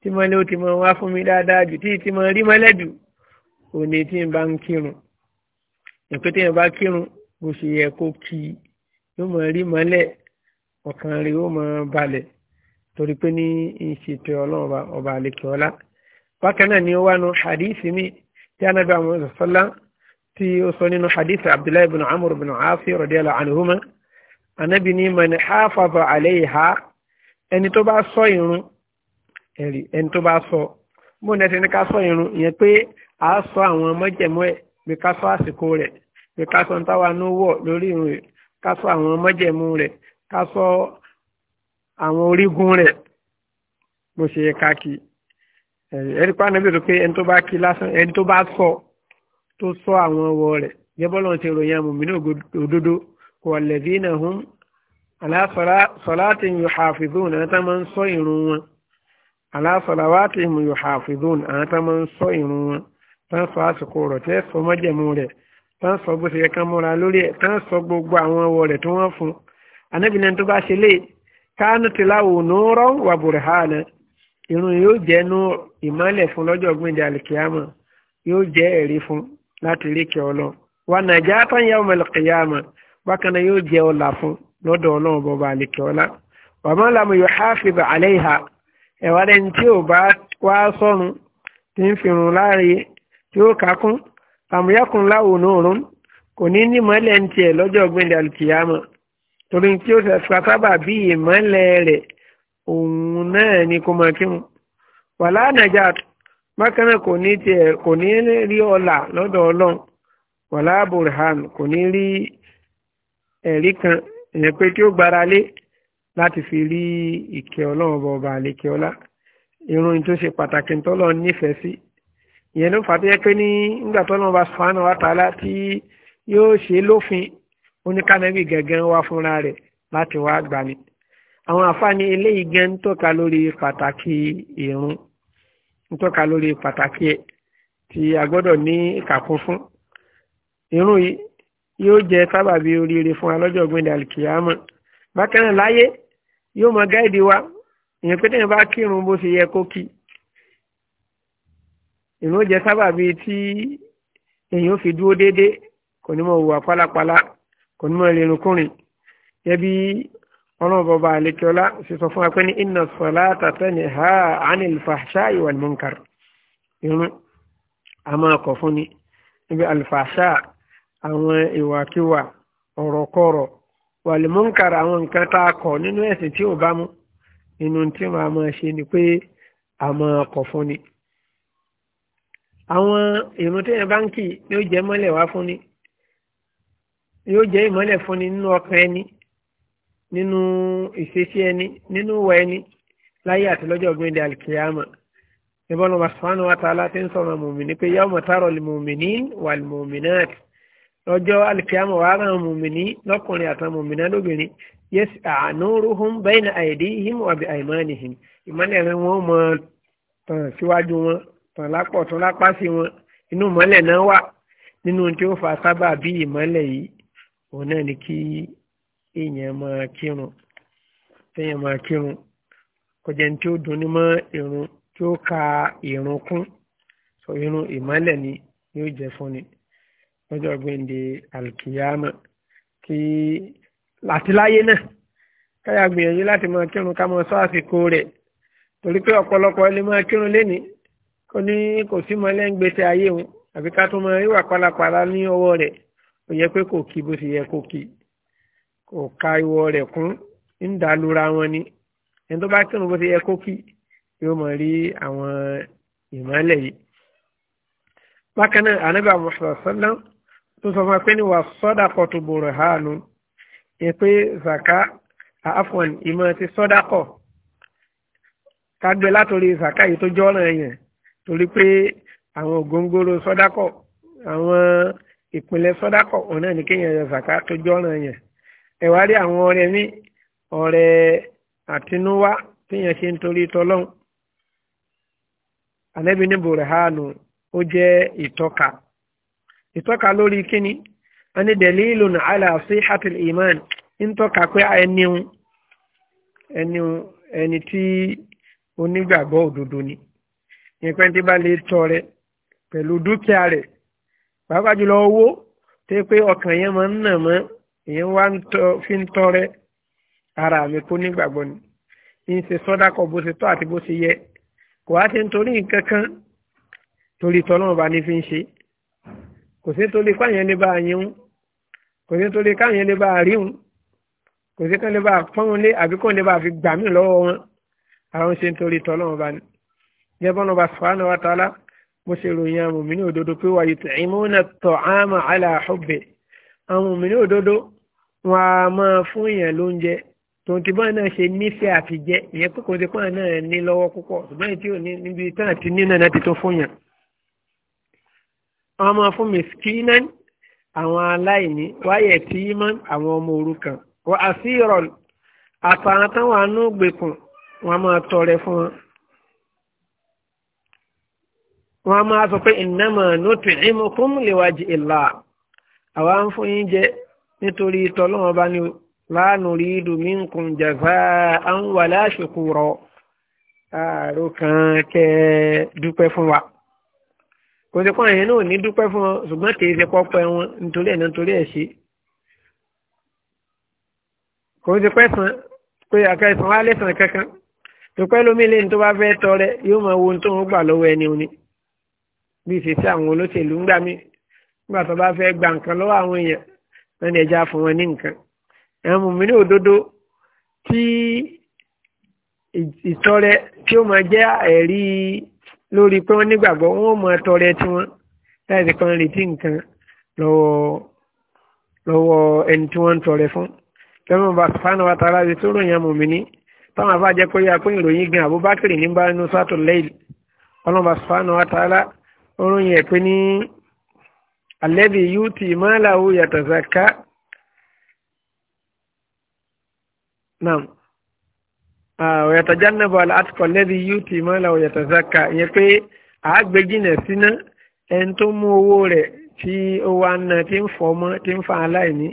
tí máa lé ó ti máa wá fún mi dáadáa jù tí ti máa rí mọ́lẹ́jù òní tí n bá ń kírun ìpè tí n bá kírun bó ṣe yẹ kó kí yóò máa rí mọ́lẹ̀ ọkàn rẹ̀ yóò máa balẹ̀ torí pé ní ìṣètò ọlọ́run ọba àlekè bákan náà ni ó wà nù hadith mi tí anábì àwọn sọ́lá tí ó sọ nínú hadith abdullahi ibn amur ibn afi radiyallahu anhuma anabi ni man hafaza alayha ẹni tó bá ṣọ́ ìrun ẹ̀rí ẹni tó bá ṣọ́ mo ne tin ká ṣọ́ ìrun ìyẹn pé a sọ àwọn májẹ̀mú ẹ̀ bí ká ṣọ́ àsìkò rẹ̀ bí ká ṣọ́ nta wa nuwo lórí ìrun ká ṣọ́ àwọn májẹ̀mú rẹ̀ ká ṣọ́ àwọn orígun rẹ̀ mo ṣe ká kí ẹ̀rí pa anabi tó ẹni tó bá kí lásán ẹni tó bá ṣọ́ tó sọ àwọn ọwọ́ rẹ̀ jẹ́bọ́lọ́n ti ròyìn àmùmínú òdodo walladhina hum ala salatin yuhafizun àwọn tá máa ń sọ ìrun wọn ala salawatihim yuhafizun àwọn tá máa ń sọ ìrun wọn tán sọ àsìkò rọ̀ tẹ́ sọ mọ́jẹ̀mú rẹ̀ tán sọ bó ṣe yẹ kán múra lórí ẹ̀ tán sọ gbogbo àwọn ọwọ́ rẹ̀ tí wọ́n fún anábìnrin tó bá ṣe lè kánú ti láwò nùúrọ̀ wà burhana irun yóò jẹ́ nú ìmọ́lẹ̀ fún lọ́jọ́ gbìndé àlìkíyàmọ̀ yóò jẹ́ ẹ̀rí fún láti rí kí ọ lọ wà najatan yawmal qiyamah bákan náà yóò jẹ́ ọlà fún lọ́dọ̀ ọlọ́run bọba àlèkè ọlá wa man lam yuhafiz alayha ẹ̀wà rẹ̀ tí ò bá wá sọ́run tí ń fi rùn láàrin tí ó kákún àmúyẹ́kùn láwùn òórùn kò ní ní mọ́lẹ̀ ń tiẹ̀ lọ́jọ́ ọ̀gbìn dàlùkìyàmọ̀ torí tí ó fẹ́ bí ìmọ́lẹ̀ rẹ̀ òun náà ni kò mọ̀ kí wọn. wà lánàájà bákan náà kò ní tiẹ̀ kò ní rí ọlà lọ́dọ̀ ọlọ́run wàlá burhan kò ní rí ẹ̀rí kan ìyẹn pé tí ó gbára lé láti fi rí ìkẹ́ ọlọ́run bọba àlékè ọlá irun tó ṣe pàtàkì tọ́lọ̀ nífẹ̀ẹ́ sí ìyẹn ló fàtẹ́ pé ní nígbà tọ́lọ̀ bá sùfàánù wa tí yóò ṣe lófin oníkànnẹ́bì gẹ̀gẹ́ wá fúnra rẹ̀ láti wá gbani àwọn àfáàní eléyìí gẹ́ ń tọ́ka lórí pàtàkì irun ń tọ́ka lórí pàtàkì ẹ̀ tí a gbọ́dọ̀ ní ìkàkún fún irun yìí yóò jẹ sábàbí oríire fún alọ́jọ́ gbẹ̀dẹ̀ alikiyama bákan náà láyé yóò mọ gáìdì wa ìyẹn pé tẹ̀yìn bá kírun bó ṣe yẹ kó kí irun ó sábàbí tí èyàn fi dúró déédéé kò ní mọ hùwà pálapàla kò ní mọ ìrìnkùnrin yẹbi ọlọ́run bọba àlekíọ́lá sì sọ fún wa pé ní inna salata tanha anil fahsha'i wal munkar irun a máa kọ̀ fún ni níbi alfàṣà àwọn ìwàkiwà ọ̀rọ̀kọ̀rọ̀ wal munkar àwọn nǹkan tá a kọ̀ nínú ẹ̀sìn tí ò bá mú nínú tí màá máa ṣe ni pé a máa kọ̀ fún ni àwọn ìrun tí yẹn bá yóò jẹ́ mọ́lẹ̀ wá fún ni yóò jẹ́ ìmọ́lẹ̀ fún ni nínú ọkàn ẹni nínú ìṣesí ẹni nínú ìwà ẹni láyé àti lọ́jọ́ gbẹ̀ndẹ̀ alikiyama níbọn ọba sùfàánù wa tààlà ti ń sọ̀rọ̀ mùmìnì pé yawma taro lìmùmìnì wà lìmùmìnàt lọ́jọ́ alikiyama wàá ràn mùmìnì lọ́kùnrin àtàwọn mùmìnà lóbìnrin yẹs àánúrúhùn bẹ́ẹ̀nà àìdíhìm wàbí àìmánìhìm ìmọ́lẹ̀ rẹ wọ́n mọ tàn síwájú wọn tàn lápọ̀ tún lápá sí wọn inú ìmọ́lẹ̀ náà wà nínú tí ó fa sábà bí ìmọ́lẹ̀ yìí òun náà ni kí èèyàn máa kírun téèyàn máa kírun kọjá ní tí ó dùn ní mọ́ irun tí ó ka irun kún sọ irun ìmọ́lẹ̀ ni yóò jẹ́ fún ni lọ́jọ́ gbẹ̀ǹde alkiyama kí àti láyé náà káyà gbìyànjú láti máa kírun ká máa sọ àsìkò rẹ̀ torí pé ọ̀pọ̀lọpọ̀ ẹni máa kírun lénìí kò ní kò sí mọ́lẹ́ ń gbèsè ayé wọn àbí ká tó máa ríwà pálapàla ní ọwọ́ rẹ̀ ó yẹ pé kò kí bó ti yẹ kó kí kò ka ìwọ rẹ̀ kún ń dá lura wọn ni ẹni tó bá kírun bó ti yẹ kó kí yóò mọ̀ rí àwọn ìmọ̀lẹ̀ yìí. bákan náà anábà Muhammad sallam tó sọ fún pé ní wà sọ́dà kọ̀tù burhanu ẹ pé zaka afwan ìmọ̀ ti sọ́dà kọ̀ kágbé látòrí zaka yìí tó jọ́ràn yẹn torí pé àwọn ògóńgóró sọ́dà kọ̀ àwọn ìpínlẹ̀ sọ́dà kọ̀ òun náà ní kéèyàn yọ zaka tó jọ́ràn yẹn. ẹ̀wá rí àwọn ọ̀rẹ́ mi ọ̀rẹ́ àtinúwá téèyàn ṣe ń torí tọ́lọ́hún ànábì ní burhanu ó jẹ́ ìtọ́ka ìtọ́ka lórí kíni wọ́n ní dalilun ala iman ń tọ́ka pé ẹni ẹni ẹni tí onígbàgbọ́ òdodo ni ìpẹ́ tí bá lè tọ́ rẹ pẹ̀lú dúkìá rẹ̀ pàápàá jùlọ owó tó èyàn wá fi ń tọrẹ ara mi kú nígbàgbọ́ ni ń ṣe sọ́dákọ̀ bó ṣe tọ́ àti bó ṣe yẹ kò wá ṣe nítorí nǹkan kan torí tọ́lọ́mọba ní fi ń ṣe kò sí nítorí káyẹn lè bá yín kò sí nítorí káyẹn lè bá rí òun kò sí kán lè bá pọ́n lé àbí kán lè bá fi gbà mí lọ́wọ́ wọn àwọn ṣe nítorí tọ́lọ́mọba ni jẹ́bọ́n ọba sùfàánù wa tààlà mo ṣe ròyìn àwọn òmìnir òdodo pé wàyí tẹ̀ ìmúnà tọ̀ wọn a máa fún èèyàn lóúnjẹ tòun ti báyìí náà ṣe nífẹ̀ẹ́ àti jẹ ìyẹn pé kò sí pọ́n náà ní lọ́wọ́ púpọ̀ ṣùgbọ́n èyí tí ò ní níbi tán àti nínú náà ti tó fún yàn. wọ́n máa fún miskinan àwọn aláìní wáyẹ̀ tí mọ́ àwọn ọmọ òrukàn wọ́n àṣírọ̀ àtàwọn táwọn àánú gbèkùn wọ́n máa tọrẹ fún wọn. wọ́n máa sọ pé innama nut'imukum liwajhi Allah àwa ń fún yín jẹ nítorí tọ́lọ́wọ́n bá ní láàánú rí dominkun jàfá àwọn wà láṣùkú rọ ààrò kan kẹ dúpẹ́ fún wa kò sí pọ́n yẹn náà ní dúpẹ́ fún wọn ṣùgbọ́n kì í ṣe pọ́pẹ́ wọn nítorí ẹ̀ nítorí ẹ̀ ṣe kò sí pẹ́ sàn pé àkẹ́sàn wá lẹ́sàn kankan dúpẹ́ lómi lẹ́yìn tó bá fẹ́ tọrẹ yóò máa wo ohun tó ń gbà lọ́wọ́ ẹni òní bí ìṣesí àwọn olóṣèlú ń gbà mí nígbà tó bá fẹ́ gba nǹkan lọ́wọ́ àwọn èèyàn wọ́n ní ẹja fún wọn ní nǹkan àwọn mùmínú òdodo tí ìtọrẹ tí ó máa jẹ́ ẹ̀rí lórí pé wọ́n nígbàgbọ́ wọ́n máa tọrẹ tiwọn láti kan retí nǹkan lọ́wọ́ lọ́wọ́ ẹni tí wọ́n ń tọrẹ fún lọ́wọ́ bá sùpánù wa tara ti tó ròyìn àwọn mùmíní táwọn afá jẹ́ kó yá ìròyìn gan Abubakar ní bá inú sátọ̀ lẹ́yìn ọlọ́wọ́ bá wa tara ó ròyìn ẹ̀ pé ní alẹ́bí yúùtì máláwù yàtàzàká nam ọ̀yàtàjánàbọ̀ àtìkọ̀ lẹ́bí yúùtì máláwù yàtàzàká ìyẹn pé àágbéjìnà síná ẹni tó mú owó rẹ̀ tí ó wá ń na tí ń fọmọ́ tí ń fa aláìní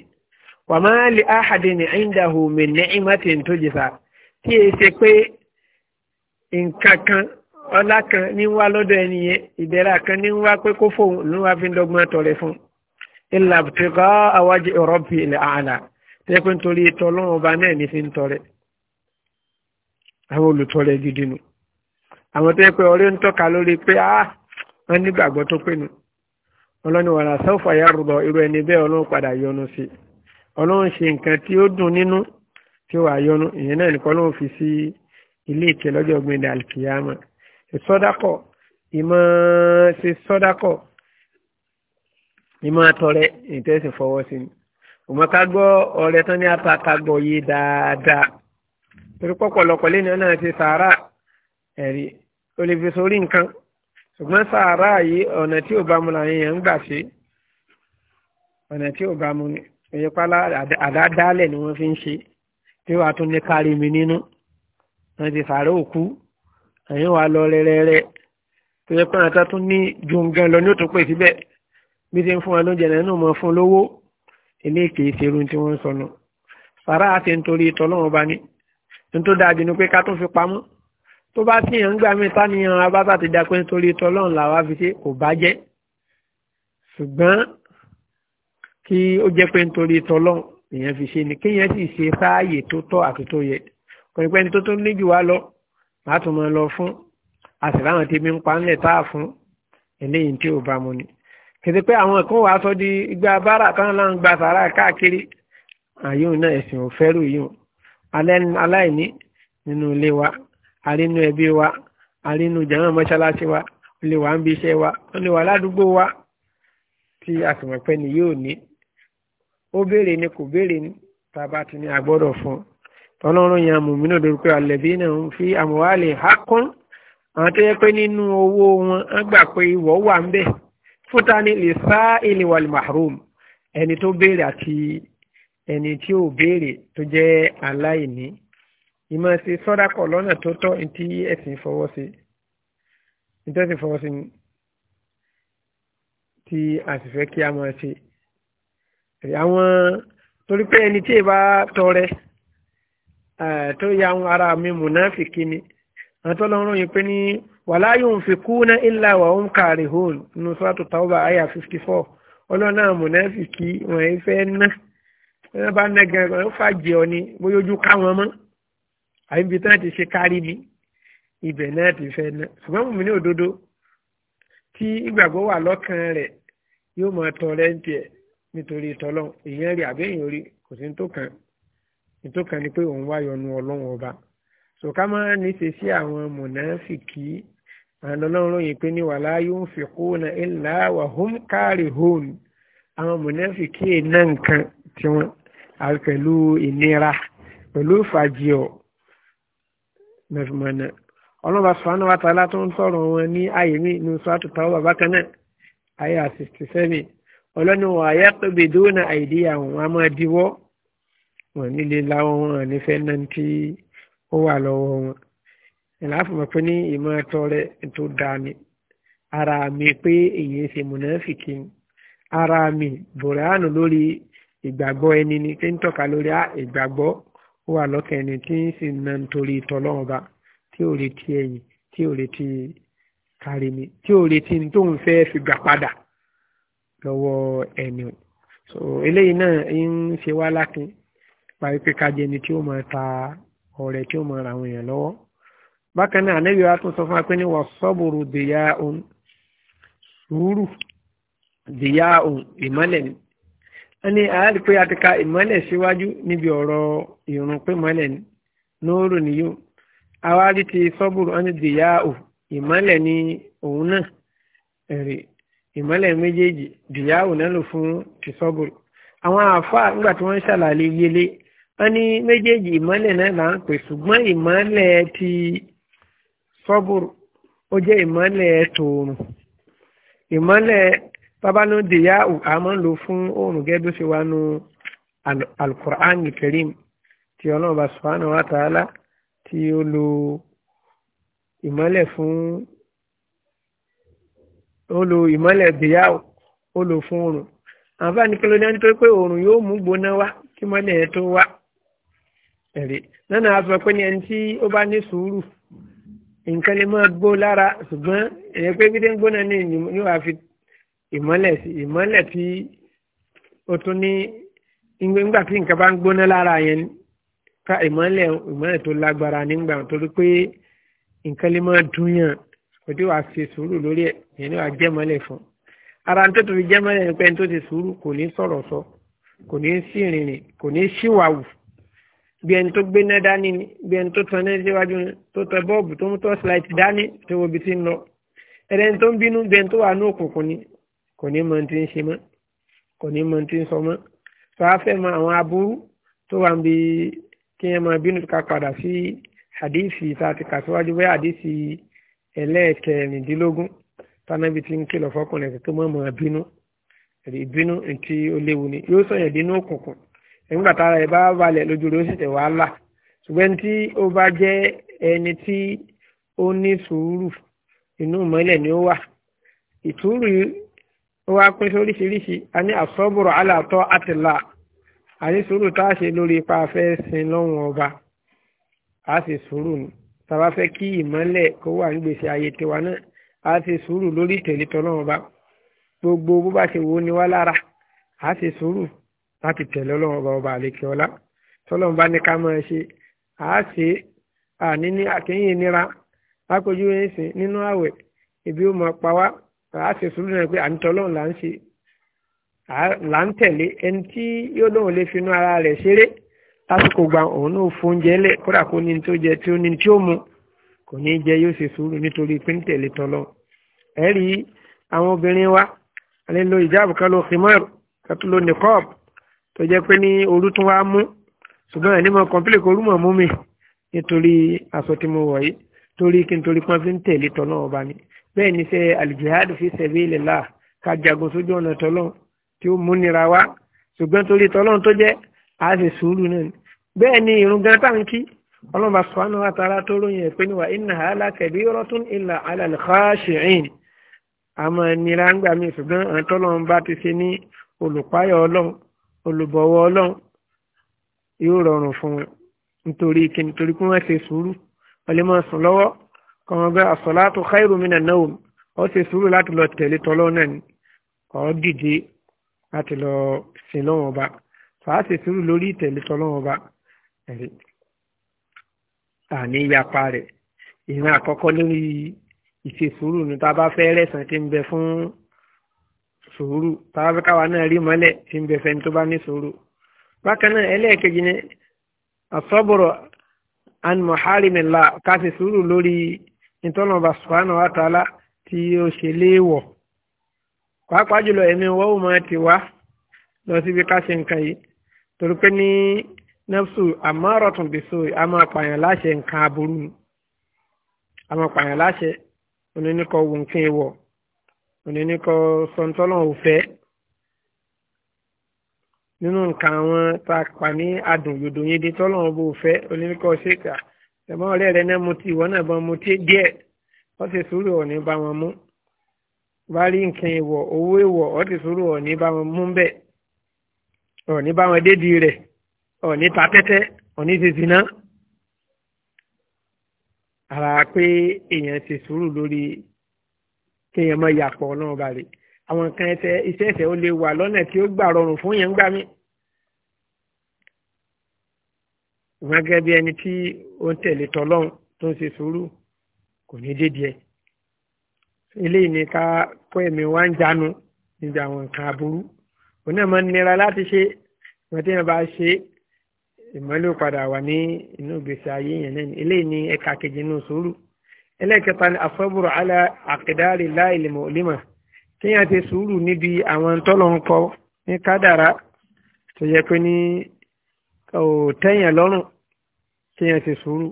wà máa lè áhàdì ní ìdáhùn mi ní ìmọ̀tì tó jìsà tí èé ṣe pé nǹkan kan ọlá kan ní wá lọ́dọ̀ ẹni yẹn ìdẹ̀ra kan ní wá pé kó fóun ní wá fi ń dọ́gbọ́n tọrẹ fún ilà tìkọ́ àwájú ọ̀rọ̀bì ilẹ̀ àlà tẹ́ pé nítorí ìtọ́ ọlọ́run ọba náà ní fi ń tọrẹ àwọn olùtọrẹ gidi nu àwọn tẹ́ pé ọ̀rẹ́ ń tọ́ka lórí pé ah wọ́n nígbàgbọ́ tó pé nu ọlọ́ni wàrà sọ́fà yà rúbọ irú ẹni bẹ́ẹ̀ ọlọ́run padà yọ́nú sí ọlọ́run ṣe nǹkan tí ó dùn nínú ilé ìkẹ́ lọ́jọ́ ọgbìn dàlkìyàmọ́ sọ́dákọ̀ ìmọ̀ ṣe sọ́dákọ̀ ìmọ̀ àtọ̀rẹ́ ìtẹ́sí fọwọ́ sí ni òmọ́ ká gbọ́ ọ̀rẹ́ tán ní apá ká gbọ́ yé dáadáa torí pọ̀pọ̀lọpọ̀ lẹ́nu náà ṣe sàárà ẹ̀rí o lè fi sórí nǹkan ṣùgbọ́n sàárà yìí ọ̀nà tí ò bá mu làwọn èèyàn ń gbà ṣe ọ̀nà tí ò bá mu ni èyí pálá àdádálẹ̀ ni wọ́n fi ń ṣe tí wàá tún ní kárí mi nínú wọ́n ti sàárà òkú ẹ̀yìn wà lọ rẹ́rẹ́rẹ́ tó yẹ pé àtà tún ní jùǹgan lọ ní òtún pè síbẹ̀ bí ti ń fún wa lóúnjẹ náà náà mọ̀ fún lówó ilé kìí ṣe irun tí wọ́n ń sọnù sàrà àti nítorí ìtọ́lọ́wọ́n bá ní ní tó dáa jù ní pé ká tún fi pamọ́ tó bá tí yàn gbà mí táníyàn abábà ti da nítorí ìtọ́lọ́wọ́n làwa fi ṣe kò bá jẹ́ ṣùgbọ́n kí ó jẹ́ pé nítorí ìtọ́lọ́wọ́n èèyàn fi ṣe ni kéèyàn sì ṣe sáàyè tó tọ́ àti tó yẹ kò ní pẹ́ni tó tó níjù wá lọ màá tún mọ́ lọ fún àṣìlá àwọn tí mi ń pa ńlẹ̀ tá a fún eléyìí tí ò bá mu ni kìtì pé àwọn kan wàá sọ di igba bára tán láń gba sàrà káàkiri àyùn náà ẹ̀sìn ò fẹ́rù yìí aláìní nínú ilé wa arínú ẹbí wa arínú jàmá mọ́ṣáláṣí wa olè wà ń bí iṣẹ́ wa olè wà ládùúgbò wa tí àtìmọ̀pẹ́ ni yóò ní ó béèrè ni kò béèrè ni tá a bá ti ní agbọ́dọ̀ fún un tọ́lọ́run yẹn mùmí náà lórí pé àlẹ́bí náà ń fi àmúwálè hákún àwọn tó yẹ pé nínú owó wọn á gbà pé ìwọ wà ń bẹ fúta ní lè sá ilé wal mahrum ẹni tó béèrè àti ẹni tí ò béèrè tó jẹ́ aláìní ìmọ̀ sí sọ́dákọ̀ lọ́nà tó tọ́ tí ẹ̀sìn fọwọ́ sí ìtẹ́sìn fọwọ́ sí tí a sì kí a máa ṣe àwọn torí pé ẹni tí ì bá tọrẹ tó ya àwọn ará mi mùnáfìkì ni àwọn tó lọ́rùn yìí pé ní wala yunfikuna illa wa hum karihun nínú sọ́tò tàwọ́bà àyà fifty four ọlọ́nà mùnáfìkì wọ́n yìí fẹ́ ná wọ́n bá ná gan wọ́n fàjẹ́ ọ ni bóyá ojú ká wọn mọ́ àbí ibi tí wọ́n ti ṣe kárí mi ibẹ̀ náà ti fẹ́ ná ṣùgbọ́n mùmí ní òdodo tí ìgbàgbọ́ wà lọ́kàn rẹ̀ yóò máa tọrẹ ń tiẹ̀ nítorí tọ́lọ́ nítòkàn ni pé òun wá yọ́nú ọlọ́run ọba so ká má ní ṣe sí àwọn mùnáfìkì àwọn ọlọ́run yìí pé ní wàlá yunfiquna illa wa hum karihun àwọn mùnáfìkì náà nǹkan tí wọ́n àti pẹ̀lú ìnira pẹ̀lú ìfàjìọ̀ mẹ́fìmọ́nà ọlọ́ba sùfàánù wa tààlà tó ń sọ̀rọ̀ wọn ní ààyè mi ní sùwàtò táwọn bàbá kan náà ààyè àsìsì sẹ́mi ọlọ́ni wàá yàtọ̀ bèdó náà àìdíyà wọn a wọn nílé láwọ wọn nífẹ̀ẹ́ náà tí ó wà lọ́wọ́ wọn ìlàfọ̀mọ̀ pé ní ìmọ̀ ẹ̀tọ́ rẹ tó dáa ni ara mi pé èyí ṣe mùnàfìkì ni ara mi bùrẹ́ánù lórí ìgbàgbọ́ ẹni ni tí ń tọ́ka lórí ìgbàgbọ́ ó wà lọ́kàn ẹni tí ń sì na nítorí ìtọ́lọ́mọba tí ò retí ẹ̀yìn tí ò retí kárí mi tí ò retí ni tóun fẹ́ fi padà lọ́wọ́ ẹni so eléyìí náà ń ṣe wá lákin báyìí pé ká jẹni tí ó máa ta ọrẹ tí ó máa ra àwọn èèyàn lọ́wọ́ bákan náà ànábì wa tún sọ fún wa pé ní wàsọ́bùrù dìyà òun sùúrù dìyà òun ìmọ́lẹ̀ ni wọ́n ní àyàlì pé a ti ka ìmọ́lẹ̀ síwájú níbi ọ̀rọ̀ ìrun pé mọ́lẹ̀ ni nóòrò nìyó àwárí ti sọ́bùrù wọn ní dìyà òun ìmọ́lẹ̀ ni òun náà ẹ̀rì ìmọ́lẹ̀ méjèèjì dìyà òun náà lò fún ti sọ́bùrù àwọn àfáà nígbà tí wọ́n ń ṣàlàyé yẹlé wọ́n ní méjèèjì ìmọ́lẹ̀ náà là ń pè ṣùgbọ́n ìmọ́lẹ̀ ti sọ́bùrù ó jẹ́ ìmọ́lẹ̀ tòòrùn ìmọ́lẹ̀ babalú dìyà àmọ́ ń lò fún oòrùn gẹ́gẹ́ bí ó ṣe wà nù alukur'an karim tí ọlọ́ọ̀bà subhanahu wa ta'ala tí ó lo ìmọ́lẹ̀ fún ó lo ìmọ́lẹ̀ dìyà ó lò fún oòrùn àǹfààní kí ló dé nítorí pé oòrùn yóò mú gbóná wá kí mọ́lẹ̀ yẹn tó wá ẹ̀rí nánà a sọ pé ní ẹni tí ó bá ní sùúrù nǹkan lè máa gbó lára ṣùgbọ́n èyí pé bí déńgbó náà ní ní wàá fi ìmọ́lẹ̀ sí ìmọ́lẹ̀ tí ó tún ní nígbà tí nǹkan bá ń gbóná lára yẹn ká ìmọ́lẹ̀ ìmọ́lẹ̀ tó lágbára nígbà torí pé nǹkan lè máa dùn yàn kò tí wàá fi sùúrù lórí ẹ̀ yẹn ni wàá jẹ́mọ́lẹ̀ fún ara tó tó fi jẹ́mọ́lẹ̀ ni pé ẹni tó ti sùúrù kò ní sọ̀rọ̀ sọ kò ní sí ìrìnrìn kò ní síwàwù bí ẹni dani gbé náà dání ni bí ẹni tó tán náà síwájú tó tẹ bọ́ọ̀bù tó mú tọ́sí láti dání tó wo ibi tí ń lọ ẹni tó ń bínú bí ẹni tó wà ní òkùnkùn ni kò ní mọ ti ń ṣe mọ́ kò ní mọ ti ń sọ mọ́ tó a fẹ́ mọ àwọn bi kí ẹ máa bínú ká padà sí àdéhìsì tá a ti kà síwájú bẹ́ẹ̀ àdéhìsì ẹlẹ́ẹ̀kẹrìndínlógún tánábi ti ń kìlọ̀ fọkùnrin tó mọ̀ nígbà tára ẹ̀ bá balẹ̀ lójú rẹ̀ ó sì tẹ̀ wá là ṣùgbọ́n tí ó bá jẹ́ ẹni tí ó ní sùúrù inú ìmọ́lẹ̀ ni ó wà ìtúrù ó wá pín sí oríṣiríṣi a ní àsọ́bùrù aláàtọ́ àtìlá a ní sùúrù tá a ṣe lórí ipa afẹ́ sin lọ́wọ́n ọba a sì sùúrù tàbá fẹ́ kí ìmọ́lẹ̀ kó wà ní ayé tiwa náà a sì sùúrù lórí ìtẹ̀lé tọ́lọ́wọ́n ọba gbogbo bó bá ṣe wò ni wá lára a sì sùúrù láti tẹ̀lé ọlọ́run ọba ọba àlekè ọlá tọ́lọ́run bá ní ká máa ṣe à á ṣe à níní àkẹ́yìn nira lápòjú yẹn sìn nínú àwẹ̀ ebi ó máa pa wá à á ṣe sùúrù náà pé àní tọ́lọ́run là ń ṣe là ń tẹ̀lé ẹni tí yóò lóun lè finú ara rẹ̀ ṣeré lásìkò gba òun náà fóúnjẹ lẹ̀ kódà kó ní tó jẹ tí ó ní tí ó mu kò ní jẹ yóò ṣe sùúrù nítorí pé ń tẹ̀lé tọ́lọ́ ẹ̀rí àwọn obìnrin wa àlelò ìjáàbù kan ló fi kan tó lo nìkọ́ọ̀bù tó jẹ́ pé ní ooru tún wá mú ṣùgbọ́n ẹni mọ kọ́ńpìlẹ̀ kó rúmọ̀ mú mi nítorí aṣọ tí mo wọ̀ yìí torí kí n torí pọ́n fi ń tẹ̀lé tọ́lọ́ ọba ni bẹ́ẹ̀ ni ṣe aljihad fi sabilillah ká jagun sójú ọ̀nà tọ́lọ́ tí ó múnira wá ṣùgbọ́n torí tọ́lọ́ tó jẹ́ a ṣe sùúrù náà bẹ́ẹ̀ ni ìrun gan tá à kí ọlọ́mọba sùpánù àtàrà tó ròyìn ẹ̀ pé níwà innaha la kabiratun illa ala al-khashi'in àmọ́ nira ń gbà mí ṣùgbọ́n àtọ́lọ́run bá ti ṣe ní olùpáyọ̀ ọlọ́run olùbọ̀wọ̀ ọlọ́run yóò rọrùn fún wọn nítorí kí nítorí kí wọ́n ṣe sùúrù wọ́n lè máa sùn lọ́wọ́ kọ́ wọn gbé as-salatu khairu minan nawm ó ṣe sùúrù láti lọ tẹ̀lé tọ́lọ́ náà ni ó dìde láti lọ sin lọ́wọ́ ọba fàá ṣe sùúrù lórí ìtẹ̀lé tọ́lọ́ ọba àní yapa rẹ̀ ìran àkọ́kọ́ lórí ìṣesùúrù ní tá a bá fẹ́ rẹ̀sán tí ń bẹ fún sùúrù tàwa fẹ́ káwa náà rí mọ́lẹ̀ tí ń bẹ fẹ́ni tó bá ní sùúrù bákan náà ẹlẹ́ẹ̀kejì ni àsọ́bọ̀rọ̀ an muharimila ká sì sùúrù lórí ìtọ́nàbà sùpánà wa tààlà tí ó ṣe léèwọ̀ pàápàá jùlọ ẹ̀mí wọ́n ò máa ti wá lọ síbi ká ṣe nǹkan yìí torí pé ní nafsu amárọ̀tún bèso a máa pààyàn láṣẹ nǹkan aburú a máa pààyàn láṣẹ oníníkọ̀ wù nǹkan òní ní kọ́ sọ́ńtọ́lọ́ ò fẹ́ nínú nǹkan àwọn tá a pa ní adùn yòdò yín di tọ́lọ́ ò bò fẹ́ òní ní kọ́ ṣèkà ẹ̀mọ́ ọ̀rẹ́ rẹ náà mutí ìwọ náà bá mutí díẹ̀ wọ́n ti sùúrù òní bá wọn mú bá rí nǹkan ìwọ̀ owó ìwọ̀ wọ́n ti sùúrù òní bá wọn mú bẹ́ẹ̀ òní bá wọn dédi rẹ̀ òní ta tẹ́tẹ́ òní ti zina ara pé èèyàn ti sùúrù lórí kéèyàn mọ ìyàpọ̀ ọlọ́run balẹ̀ àwọn nǹkan ẹsẹ̀ iṣẹ́ ẹsẹ̀ ó lè wà lọ́nà tí ó gbà rọrùn fún yẹn ń gbà mí. ìwọ́n gẹ́gẹ́ bí ẹni tí ó ń tẹ̀lé tọlọ́run tó ń ṣe sùúrù kò ní dédìí ẹ̀. eléyìí ni ká kó ẹ̀mí wá ń jánu níbi àwọn nǹkan aburú. òun náà máa ń nira láti ṣe ìwọ́n tí wọ́n bá ṣe ìmọ̀lẹ́ padà wà ní inú ìgbésí ayé yẹn náà eléyìí ni ẹ̀ka kejì inú sùúrù ẹlẹ́ẹ̀kẹta ni àfọ́bùrù alẹ́ àkìdárì láìlèmọ̀ òlímọ̀ kíyàn ti sùúrù níbi àwọn tọ́lọ̀ ń kọ ní kádàrá tó yẹ pé ní ò tẹ́yàn lọ́rùn kíyàn ti sùúrù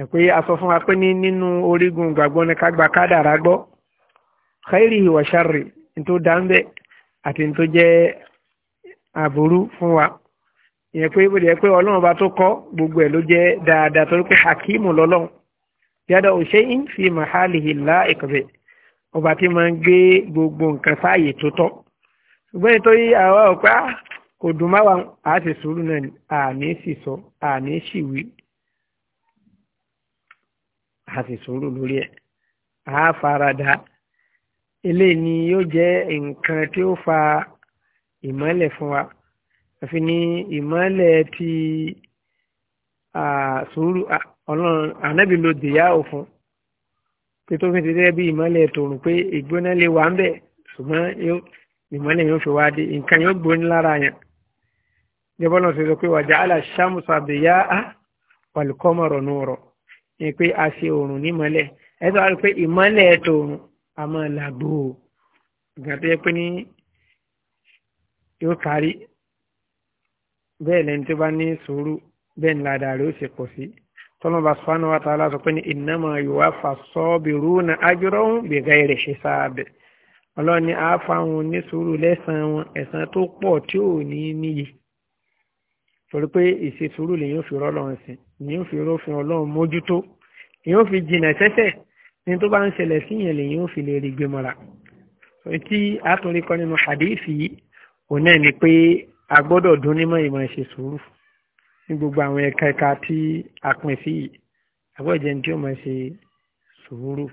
ẹ̀ pé a sọ fún wa pé ní nínú orígun gbàgbọ́ ni ká gba kádàrá gbọ́ khairi wa ní tó dá ń bẹ̀ àti ní tó jẹ́ àbúrú fún wa ìyẹn pé ìbòdì ẹ pé ọlọ́run bá tó kọ́ gbogbo ẹ̀ ló jẹ́ dáadáa torí pé hakimu lọ́lọ́run yàda shay'in fi mahali la'iq bi ọba tí máa ń gbé gbogbo nǹkan sáàyè tó tọ́ ṣùgbọ́n nítorí àwa ọ̀pá ah, kò dùn máa wà á sì sùúrù náà ni àní sì sọ àní sì wí a sì sùúrù lórí ẹ̀ á farada eléyìí ni yóò jẹ́ nǹkan tí ó fa ìmọ́lẹ̀ fún wa àfi ní ìmọ́lẹ̀ ti ah, sùúrù ah, ọlọ́run ànábì ló dìyà òfun pé tó fi tẹ́tẹ́ bí ìmọ́lẹ̀ tòrùn pé ìgbóná lè wà ń bẹ̀ ṣùgbọ́n ìmọ́lẹ̀ yóò fi wá dé nǹkan yóò gbóni lára yẹn jẹ́bọ́n náà ṣe sọ pé wàjà aláṣàmùsọ àbẹ̀yà á wàlùkọ́mọ̀rọ̀ nù rọ̀ ni pé a ṣe òrùn nímọ́lẹ̀ ẹ sọ wá pé ìmọ́lẹ̀ tòrùn a máa làgbó o ìgbà tó yẹ pé ní yóò kárí bẹ́ẹ̀ lẹ́ni tó bá ní sùúrù bẹ́ẹ̀ ni ládàá rẹ̀ ó ṣe pọ̀ sí i tọ́lọ́ba subhanahu wa ta'ala sọ pé ní innama yuwaffa as-sabiruna ajrahum bighayri hisab ọlọ́run ní àáfàwọn onísùúrù lẹ́sàn-án wọn ẹ̀san tó pọ̀ tí ò ní níye torí pé ìṣe sùúrù lèyìn òfin ọlọ́run sí lèyìn òfin òfin ọlọ́run mójútó lèyìn òfin jìnà sẹ́sẹ̀ ní tó bá ń ṣẹlẹ̀ síyàn lèyìn òfin lè rí gbẹmọ́ra tí àtúnrí kọ́ nínú hadithi ní gbogbo àwọn ẹ̀ka ẹ̀ka tí a pín sí yìí àbọ̀jẹ̀ tí ó máa ṣe sùúrù.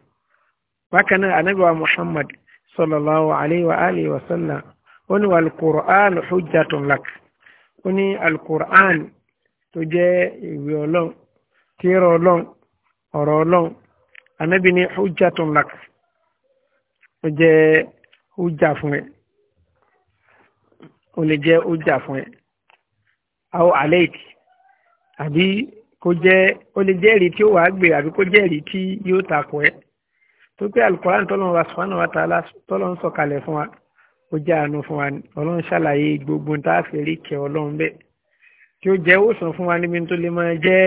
bákan náà anábìwá muhammad sallallahu alayhi wa alihi wa sallam ó ní alukur'an hujjatun lak ó ní alukur'an tó jẹ́ ìwé ọlọ́run tíra ọlọ́run ọ̀rọ̀ ọlọ́run anábì ní hujjatun lak ó jẹ́ hujja fún ẹ ó lè jẹ́ hujja fún ẹ àwọn àlẹ́ àbí kó jẹ́ ó lè jẹ́rìí tí ó wàá gbé àbí kó jẹ́rìí tí yóò takò ẹ́ tó pé alukoran tọ́lọ́run wa subhanahu wa ta'ala tọ́lọ́run sọ̀kalẹ̀ fún wa ó jẹ́ àánú fún wa ọlọ́run ṣàlàyé gbogbo tá a fi rí kẹ́ ọlọ́run bẹ́ẹ̀ tí ó jẹ́ òsàn fún wa níbi tó lè máa jẹ́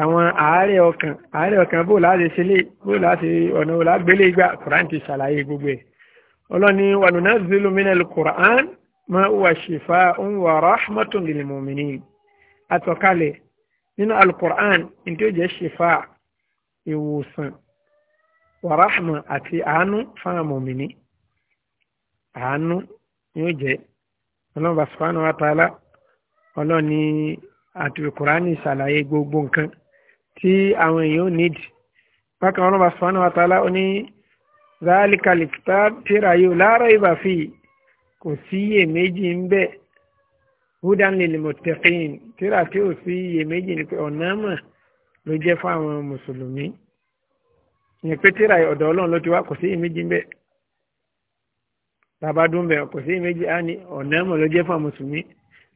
àwọn àárẹ̀ ọkàn àárẹ̀ ọkàn bó láti ṣe lè bó láti ọ̀nà òlà gbélé gbà koran ti ṣàlàyé gbogbo ẹ̀ ọlọ́ni wa nunazzilu minal koran ma huwa shifa'un wa rahmatun lil àtọ̀kalẹ̀ nínú alukur'an ní tí ó jẹ́ ṣèfà ìwòsàn wàràhàmà àti àánú fáwọn mọ̀mìnì àánú ni ó jẹ́ ọlọ́ọ̀bà sùpánù àtàlà ọlọ́ọ̀ni àti alukur'an ìṣàlàyé gbogbo nǹkan tí àwọn èèyàn nídìí bákan ọlọ́ọ̀bà sùpánù àtàlà ó ní záàlì kàlìkítà tíra yóò la raiba fi kò síyè méjì ń bẹ́ẹ̀ hudan lil muttaqin tíra tí ò sí iyèméjì ni pé ọ̀nà mà ló jẹ́ fáwọn mùsùlùmí ìyẹn pé tíra ọ̀dọ̀ ọlọ́run ló ti wá kò sí iyèméjì ń bẹ̀ bàbá dùn bẹ̀ kò sí iyèméjì á ní ọ̀nà mà ló jẹ́ fáwọn mùsùlùmí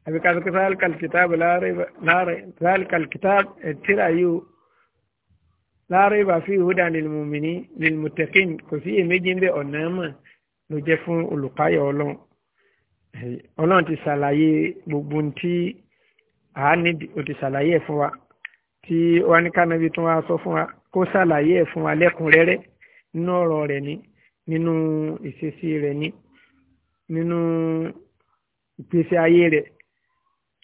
àbí ká sọ pé sáàlìkà kìtàbù láàrẹ̀ sáàlìkà kìtàbù tíra yìí láàrẹ̀ bá fi hudan lil mu'minin lil muttaqin kò sí iyèméjì ń bẹ̀ ọ̀nà mà ló jẹ́ fún olùkáyọ̀ ọlọ́run ti ṣàlàyé gbogbo tí a ní o ti ṣàlàyé ẹ̀ fún wa tí wọ́n ní kánábí tún wá sọ fún wa kó ṣàlàyé ẹ̀ fún wa lẹ́kùnrẹ́rẹ́ nínú ọ̀rọ̀ rẹ̀ ni nínú ìṣesí rẹ̀ ni nínú ìpèsè ayé rẹ̀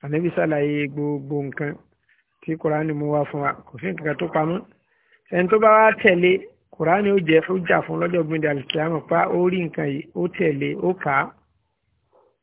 ànábì ṣàlàyé gbogbo nǹkan tí kùránì mú wá fún wa kò sí nǹkan tó pamọ́ ẹni tó bá wá tẹ̀lé kùránì ó jẹ́ ó jà fún lọ́jọ́ gbìndé àlùkìyàmọ̀ pa ó rí nǹkan yìí ó tẹ̀lé ó kà á.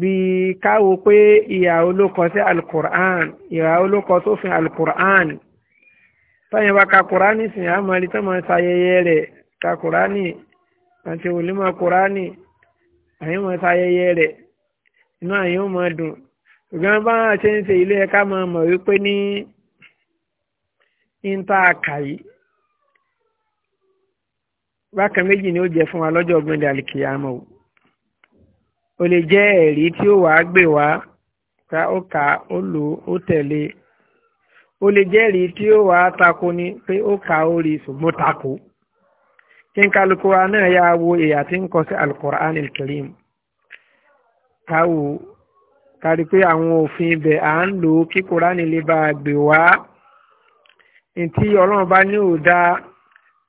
bí káwo pé ìyà olókọ sí alukur'an ìyà olókọ sófin alukur'an táyẹ̀ bá ka kur'ani sìn àmàlí tó máa ṣayẹyẹ rẹ̀ ka kur'ani àti wòlímọ̀ kur'ani àyìn máa ṣayẹyẹ rẹ̀ inú àyìn ó máa dùn ṣùgbọ́n bá a ṣe ń ṣe ilé ẹ̀ka máa mọ̀ wípé ní níta kàyí bákan méjì ni ó jẹ fún wa lọ́jọ́ ọ̀gbìn dàlìkìyàmọ́ o ó lè jẹ́ ẹ̀rí tí ó wàá gbè wá ká ó kà á ó lò ó tẹ̀lé ó lè jẹ́ ẹ̀rí tí ó wàá tako ni pé ó kà á ó rí ṣùgbọ́n tako kí n kálukú wa náà yá wo èyà tí ń kọ sí alukur'an alkarim ká wò ká rí pé àwọn òfin ibẹ̀ à ń lò ó kí kúránì lè bá a gbè wá ntí ọlọ́run bá ní ò dáa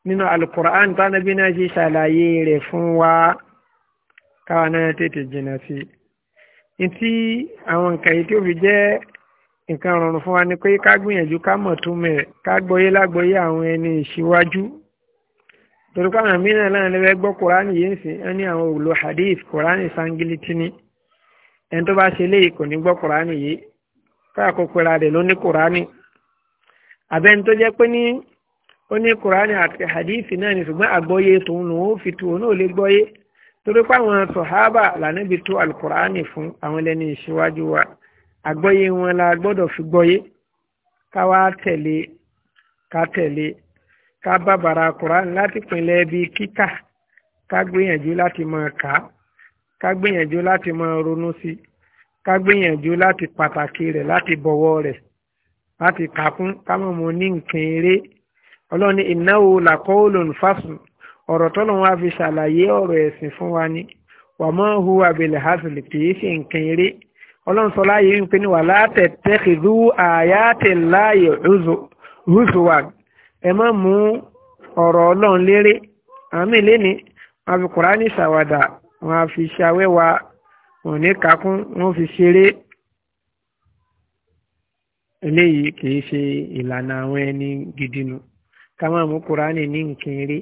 nínú alukur'an tánàbí náà ṣe ṣàlàyé rẹ̀ fún wa káwa náà tètè jìnnà sí i tí àwọn nǹkan yìí tó fi jẹ́ nǹkan rọrùn fún wa ni pé ká gbìyànjú ká mọ̀ tó mẹ̀ ká gbọ́yé lágbọ́yé àwọn ẹni ìṣíwájú torí káwọn mìíràn náà lẹ́wẹ́ gbọ́ kùránì yìí sí ẹ ní àwọn òòlò hadith kùránì sangiliti ni ẹni tó bá ṣe léyìí kò ní gbọ́ kùránì yìí káà kó pera rẹ̀ ló ní kùránì àbẹ́ni tó jẹ́ pé ní ó ní kùránì àti hadith náà ni ṣùgbọ́n àgbọ́yé tòun lòun ó fi tòun náà lè gbọ́yé torí pé àwọn sọ̀hábà lànàbí tó alukur'ani fún àwọn ẹlẹ́ni ìṣíwájú wa àgbọ́yé wọn la gbọ́dọ̀ fi gbọ́yé ká wá tẹ̀lé ká tẹ̀lé ká bàbàrà kur'ani láti pinlẹ̀ bíi kíkà ká gbìyànjú láti máa kà á ká gbìyànjú láti máa ronú sí i ká gbìyànjú láti pàtàkì rẹ̀ láti bọ̀wọ̀ rẹ̀ láti kà fún ká mọ́ ní nǹkan ọlọ́ni ìnáwó làkọ́ọ́lùn fásùn ọ̀rọ̀ tọ́lọ́run wá fi ṣàlàyé ọ̀rọ̀ ẹ̀sìn fún wa ni wà mọ́ huwa abẹ́lẹ̀ hasili kì í ṣe nǹkan eré ọlọ́run sọ láàyè wípé ní wà látẹ̀tẹ̀ kìdú àyàtẹ̀ láàyè rúṣùwà ẹ má mú ọ̀rọ̀ ọlọ́run léré àmì lẹ́ni wọn fi kùránì ṣàwàdà wọn fi ṣàwẹ́wà wọn ní kakún wọn fi ṣeré eléyìí kì í ṣe ìlànà àwọn ẹni gidi nu ká má mú kùránì ní nǹkan eré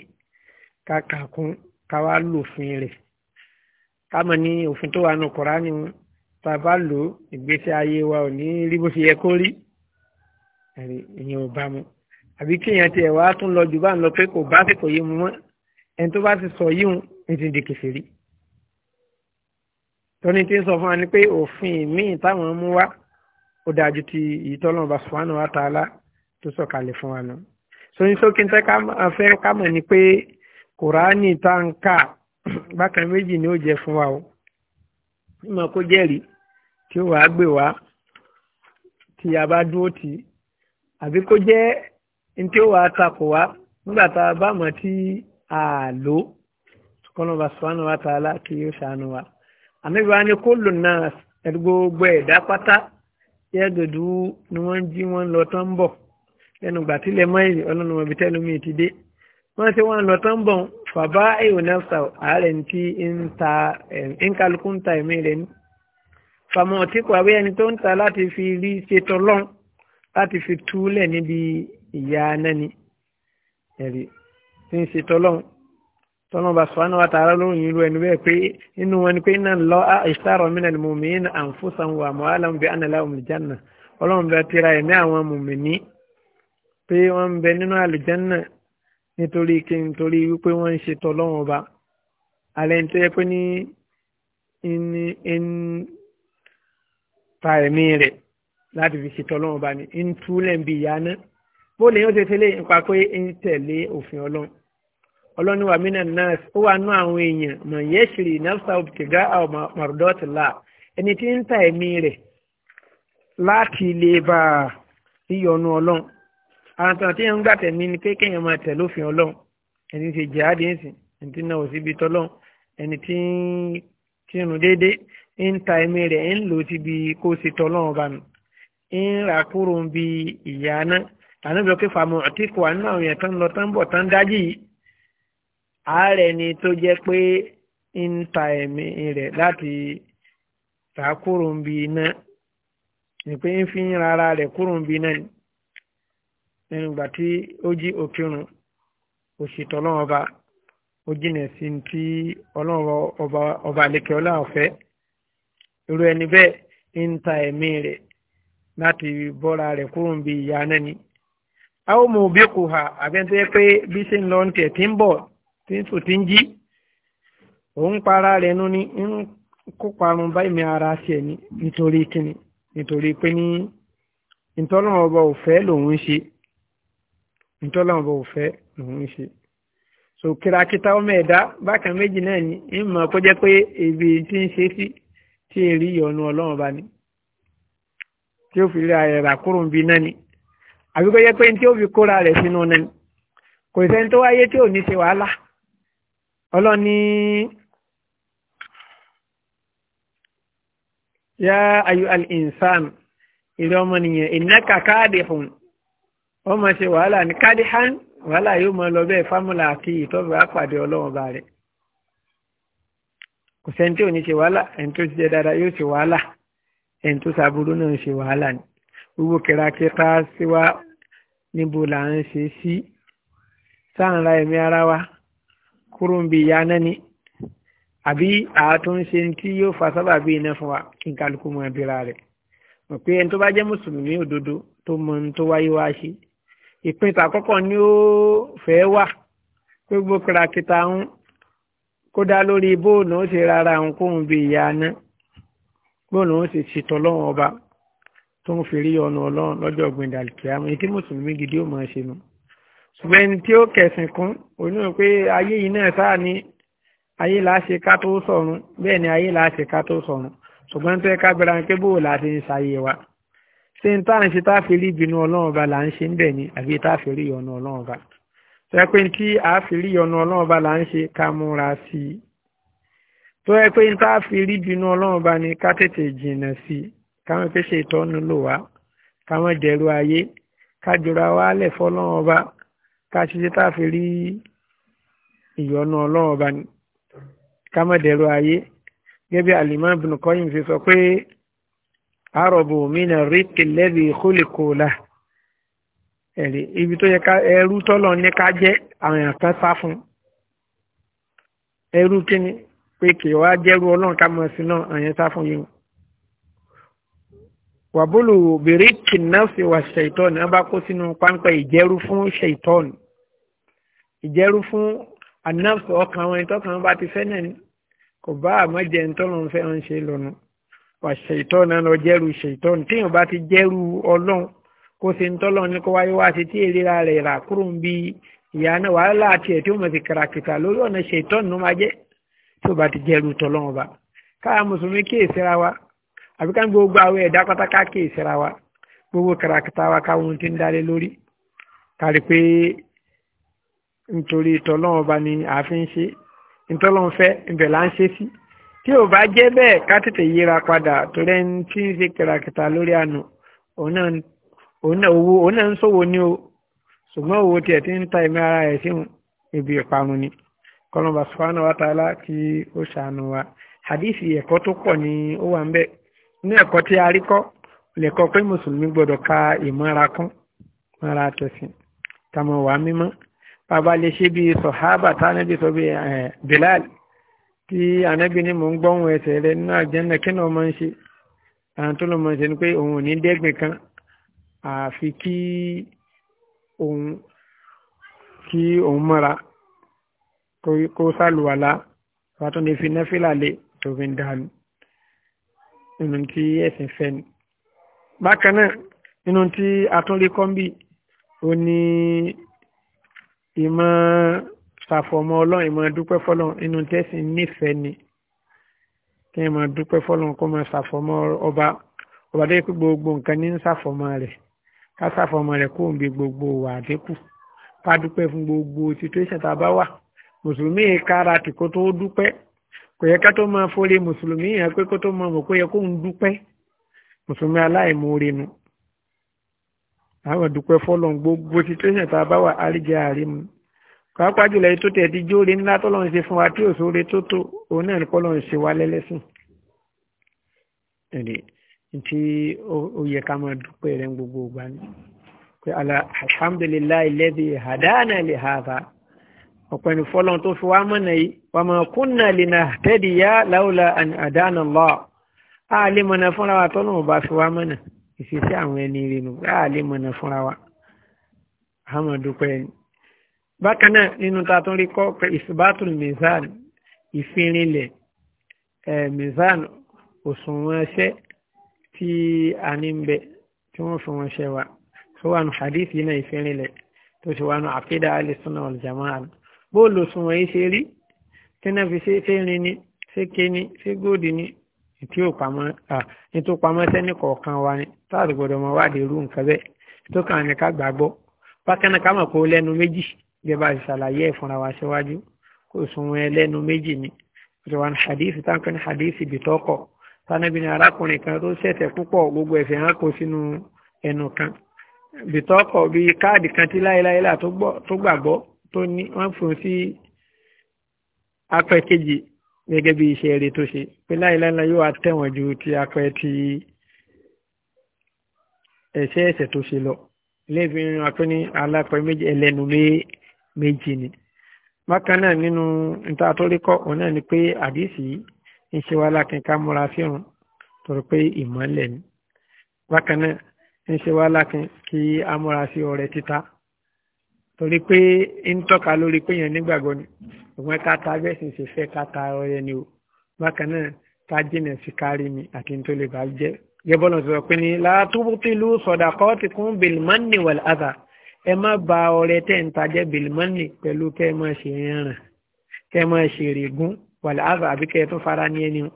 ká kà kún ká wá lòfin rẹ̀ ká mọ̀ ní òfin tó wà nù Kùránì tá a bá lò ìgbésí ayé wa ò ní rí bó ṣe yẹ kó rí ìyẹn ò bá mu àbí kéèyàn tiẹ̀ wá tún lọ jù bá ń lọ pé kò bá sì kò mu mọ́ ẹni tó bá ti sọ yíhun ní ti di kèfèrí tọ́ni tí ń sọ fún wa ni pé òfin míì táwọn mú wá ó dájú ti ìtọ́lọ́mọba Subhanahu wa Ta'ala tó sọ̀kalẹ̀ fún wa nù. sọ́yìn sókè ń tẹ́ ká fẹ́ ká mọ̀ ni pé kùránì tá ń kà bákan méjì ni ó jẹ fún wa o mímọ kó jẹ́rìí tí ó wàá gbé wá tí a bá dúró tì í àbí kó jẹ́ ní tí ó wàá takò wá nígbà tá a bá mọ̀ tí a lò kọ́nọ̀bà sùpánù wa tààlà kí ó ṣàánú wa ànábi wa ni kó lò náà gbogbo ẹ̀dá pátá yẹ́ dòdú ni wọ́n jí wọ́n lọ tán bọ̀ lẹ́nu gbàtílẹ̀ mọ́ ìrìn ọlọ́run ọbítẹ́lómi ti dé wọ́n ti wọ́n lọ tán bọ̀ bàbá ìwò nafsa ààrẹ tí ń kálukú ń ta ẹ̀mí rẹ̀ ní fàmọ́ tí kò àwé ẹni tó ń ta láti fi rí ṣètò lọ́n láti fi túlẹ̀ níbi ìyá nẹ́ni ẹ̀rí tí ń ṣètò lọ́n tọ́nà bá sọ́nà wa tààrà lóyún ìlú ẹni bẹ́ẹ̀ pé inú wọn ni pé iná lọ ìṣàrọ̀ mí nàlẹ́ mùmí ní àǹfóṣàn wà mọ́ àlàmù bí ànàlẹ́ ọlọ́run bá tira ẹ̀mí àwọn mùmí ní pé wọ́n ń bẹ nínú àlùjánà nítorí kí n torí wípé wọ́n ń ṣe tọ́lọ́wọ́n ọba alẹ́ ní tó yẹ pé ní ń ta ẹ̀mí rẹ̀ láti fi ṣe tọ́lọ́wọ́n ọba ni ń túlẹ̀ ń bi ìyá náà bó lè yàn ṣe tẹ́lẹ̀ nípa pé ń tẹ̀lé òfin ọlọ́run ọlọ́run wà mí náà náà ó wà nú àwọn èèyàn mọ̀ yẹ́ ṣìrì nafsa obìtìgá àwọn mọ̀rọ̀dọ́tìlá ẹni tí ń ta ẹ̀mí rẹ̀ láti lè bá ìyọnu ọlọ́run àǹtàn tí ń gbàtẹ̀ mí ni pé kéèyàn máa tẹ̀ lófin ọlọ́run ẹni tí jihad ń sìn ẹni tí náà ò síbi tọ́lọ́run ẹni tí ń rún déédéé ń ta ẹ̀mí rẹ̀ ń lò síbi kó ṣe tọ́lọ́run ọba nù ń rà kúrò ń bi ìyá náà ànábìọ́ pé fàmọ́ àti kò àánú àwọn èèyàn tán lọ tán bọ̀ tán dájì yìí ààrẹ ni tó jẹ́ pé ń ta ẹ̀mí rẹ̀ láti rà kúrò ń bi iná ni pé ń fi ń rárá rẹ̀ kúrò ń bi iná ni. nínú ìgbà tí ó jí òkèrún òṣìṣẹ́ ọlọ́run ọba ó sí ti ọlọ́run ọba àlekè ọlọ́run irú ẹni bẹ́ẹ̀ ń ta ẹ̀mí rẹ̀ láti bọ́ra rẹ̀ kúrò bi ìyá a ó mú òbí kù hà àbẹ́ntẹ́ pé bí ṣe ń lọ tẹ̀ tí ń bọ̀ tí ń sùn tí ń jí òun para rẹ̀ nu ni ń kó parun bá ìmí ara ṣe ni nítorí kíni nítorí pé ní nítorí àwọn ọba òfẹ́ lòun ń ṣe so kìràkìtà ọmọ ẹ̀dá bákan méjì náà ni ń mọ̀ kó jẹ́ pé ibi tí ń ṣe sí tí èrí ìyọnu ọlọ́run ọba ni tí ó fi rí ara rà kúrò ń bi náà ni àbí kó jẹ́ pé tí ó fi kóra rẹ̀ sínú náà ni kò sẹ́ni tó wáyé tí ò ní ṣe wàhálà ọlọ́ni yá ayu al-insan ìrẹ́ ọmọnìyàn innaka kadihun ó máa ṣe wàhálà ní kádìhán wàhálà yóò máa lọ bẹ́ẹ̀ fámúlà àti ìtọ́jú àpàdé ọlọ́run bá rẹ̀ kò sẹ́ni tí ò ní ṣe wàhálà ẹni tó ti jẹ dáadáa yóò ṣe wàhálà ẹni tó ṣàbúrú náà ṣe wàhálà ni gbogbo kìrakìta síwá níbo là ń ṣe sí sáànra ẹ̀mí ara wa kúrò ń bi ìyá náà ni àbí àtúnṣe tí yóò fa sábà bí iná fún wa kí n kálukú mọ ẹbí ra rẹ̀ mọ̀ pé ẹni tó bá jẹ́ mùsùlùmí òdodo tó mọ ohun tó wáyé wá ṣe ìpín tàkọ́kọ́ ni ó fẹ́ wà gbogbo kìràkìtà ń kódà lórí bóònù ó ti rárá ń kóhun bí ìyá aná bóònù ó sì ṣètò ọlọ́run ọba tó ń fi rí ọ̀nà ọlọ́run lọ́jọ́ ọ̀gbìn àlùkìyámà èyí tí mùsùlùmí gidi ó mọ̀ ṣe nu ṣùgbọ́n ẹni tí ó kẹ̀sìn kún òní ò pé ayé yìí náà sáà ní ayé là á ṣe ká tó sọ̀run bẹ́ẹ̀ ni ayé là á ṣe ká tó sọ̀run ṣùgbọ́n tó ká gbéra ṣé n táà ń ṣe táà rí ìbínú ọlọ́run ọba là ń ṣe ń bẹ̀ ni àbí táà fi rí ìyọnu ọlọ́run ọba tó yẹ pé tí a fi rí ìyọnu ọlọ́run ọba là ń ṣe ká múra sí i tó yẹ pé táà rí ìbínú ọlọ́run ọba ni ká tètè jìnnà sí i káwọn fẹ́ ṣe ìtọ́nu lò wá káwọn dẹ̀rù ayé ká jọra wá lẹ̀ fọlọ́run ọba ká ṣiṣẹ́ táà fi rí ìyọnu ọlọ́run ọba ni ká má dẹ̀rù ayé gẹ́gẹ́ bí alimam bin Qayyim ṣe sọ pé àrọ̀bù mínà ríkì lẹ́bi kólíkòlá ẹ̀rí ibi tó yẹ ká ẹrú tọ́lọ̀ ní ká jẹ́ àwọn èèyàn kan sá fún ẹrú kíni pé kì wá jẹ́rú ọlọ́run ká mọ̀ sí náà àyẹn sá fún yìí wàbúlù bìríkì nọ́ọ̀sì wà ṣèitọ́ọ̀nù wọn bá kó sínú páńpẹ́ ìjẹ́rú fún ṣèitọ́ọ̀nù ìjẹ́rú fún anọ́ọ̀sì ọkàn wọn ìtọ́kàn bá ti fẹ́ náà kò bá àmọ́jẹ́ ń tọ́lọ́ fẹ́ ṣe lọ́nu wà ṣètọ́nù náà jẹ́rù ṣètọ́nù téèyàn bá ti jẹ́rù ọlọ́run kó ṣe ń tọ́lọ́run ní kó wáyé wá ṣe tí èrè rẹ̀ rà kúrò ń bi ìyá náà wàhálà àti ẹ̀ tí ó mọ̀ sí kàràkìtà lórí ọ̀nà ṣètọ́nù máa jẹ́ tí ó bá ti jẹ́rù tọ́lọ́run bá káà mùsùlùmí kíyèsára wa àbí ká gbogbo àwọn ẹ̀dá pátákà kíyèsára wa gbogbo kàràkìtà wa káwọn ti ń dalé lórí kárí pé nítorí tọ́lọ́run bá ni àáfin ṣe ntọ́lọ́run fẹ́ ibẹ̀ là tí ò bá jẹ́ bẹ́ẹ̀ ká tètè yíra padà torí ẹni tí ń ṣe kìràkìtà lórí àná òun náà ń ṣòwò ní o ṣùgbọ́n owó tiẹ̀ ti ń ta ẹ̀mí ara ẹ̀ sí ibi ìparun ni kọlọmba sùfàánù wa tààlà kí ó ṣàánú wa hadisi ẹ̀kọ́ tó pọ̀ ni ó wà ń bẹ̀ ní ẹ̀kọ́ tí a rí kọ́ lẹ́kọ́ pé mùsùlùmí gbọ́dọ̀ ka ìmọ̀ra kún mọ́ra tẹ̀sìn tàmọ̀ wà mímọ́ bàbá lè ṣe bí sọ̀hábà tánàbí sọ bí eh, Bilal tí anábì ní mò ń gbọ́ ohun ẹsẹ̀ rẹ nínú àjẹ́nà kí náà máa ń ṣe àwọn tó lọ́ máa ń ṣe ni pé òun ò ní dẹ́gbìn kan àfi kí òun kí òun mọ́ra kó sálùwàlá wàá tó lè fi náfìlà lé tó fi ń dànù nínú tí ẹ̀sìn fẹ́ ni. bákan náà nínú tí atúnlé kọ́ńbì ó ní ìmọ̀ ṣàfọ̀mọ́ ọlọ́run ìmọ̀ dúpẹ́ fọlọ́run inú tẹ́sí nífẹ̀ẹ́ ni kí ẹ máa dúpẹ́ fọlọ́run kó máa ṣàfọ̀mọ́ ọba ọba tó yẹ pé gbogbo nǹkan ní ń ṣàfọ̀mọ́ rẹ̀ ká ṣàfọ̀mọ́ rẹ̀ kó ń bi gbogbo wà àdínkù ká dúpẹ́ fún gbogbo situation tá a bá wà mùsùlùmí kára tì kó tó dúpẹ́ kò yẹ ká tó máa forí mùsùlùmí yẹn pé kó tó máa mọ̀ kó yẹ kó ń dúpẹ́ mùsùlùmí aláìmoore nu àwọn dúpẹ́ fọlọ́run gbogbo situation tá a bá wà àríjẹ àrímu pàápàá jùlọ ètò tẹ̀ ti jóore ńlá tọ́lọ́run ṣe fún wa tí òṣòre tó tó òun náà ní kọ́lọ́run ṣe wá lẹ́lẹ́sìn ẹ̀dẹ̀ tí ó yẹ ká máa dúpẹ́ rẹ̀ gbogbo ìgbà ni pé alhamdulillahi alladhi hadana li hadha ọ̀pọ̀ ẹni fọ́lọ́n tó fi wá mọ́nà yìí wa ma kunna linahtadiya lawla an hadana Allah á lè mọ̀nà fúnra wa tọ́lọ́run bá fi wá mọ́nà ìṣesí àwọn ẹni rẹ̀ nù lè mọ̀nà fúnra wa àmọ́ dúpẹ́ ẹni bákan náà nínú ta tó rí kọ́ pé ìsìbátùn mizan ìfinrinlẹ̀ mizan òṣùwọ̀n ẹṣẹ́ tí a ní ń bẹ tí wọ́n fi wọ́n ṣe wa tó wà nù hadith yìí náà ìfinrinlẹ̀ tó ṣe wà nù àkídà alìsúnà ọ̀lùjàmáà bóòlù òṣùwọ̀n yìí ṣe rí tí náà fi ṣe rin ni ṣé ké ni ṣé góòdì ni ètí ò pamọ́ ètò pamọ́ sẹ́ni kọ̀ọ̀kan wa ni táàdì gbọ́dọ̀ mọ wádìí irú nǹkan bẹ́ẹ̀ tó kàn ní ká gbàgbọ́ bákan náà ká mọ̀ kó lẹ́nu méjì gẹ́gẹ́ bá ṣàlàyé ìfúnra wa síwájú kò sunwọ̀n ẹlẹ́nu méjì ni òṣèwọ̀n hadith táǹkan hadith bìtọ́kọ̀ tánàbí ni arákùnrin kan tó ṣẹ̀ṣẹ̀ púpọ̀ gbogbo ẹ̀fẹ̀ hàn kó sínú ẹnu kan bìtọ́kọ̀ bí káàdì kan tí láéláélà tó gbàgbọ́ tó ní wọ́n fún sí apẹ kejì gẹ́gẹ́ bí iṣẹ́ rẹ̀ tó ṣe pé láéláélà yóò wá tẹ̀wọ̀n ju ti apẹ ti ẹ̀ṣẹ̀ ẹ̀ṣẹ̀ tó ṣe lọ ilé ìfihàn apẹ ní méjì ẹlẹ́nu méjì méjì ni bákan náà nínú níta tó rí kọ́ òun náà ni pé àdìsí ń ṣe wá lákínká múra fírun torí pé ìmọ̀lẹ̀ ni bákan náà ń ṣe wá lákin kí a múra sí ọrẹ títa torí pé ń tọ́ka lórí pé yẹn nígbàgbọ́ ni òun ká bẹ́ẹ̀ sì ṣe fẹ́ ká ọrẹ ni o bákan náà ká jìnà sí kárí mi àti ní tó lè bá jẹ́ gẹ́bọ́n náà sọ pé ní látúbùtì sọ̀dà kọ́ kún bèlì mọ́nì ẹ má ba ọrẹ tẹ́ ń tajẹ́ bilimọ́nì pẹ̀lú kẹ́ ẹ máa ṣe ìrìnrìn kẹ́ ẹ máa ṣe èrègún wàlẹ̀ àbá àbí kẹ́ ẹ tún fara ní ẹni o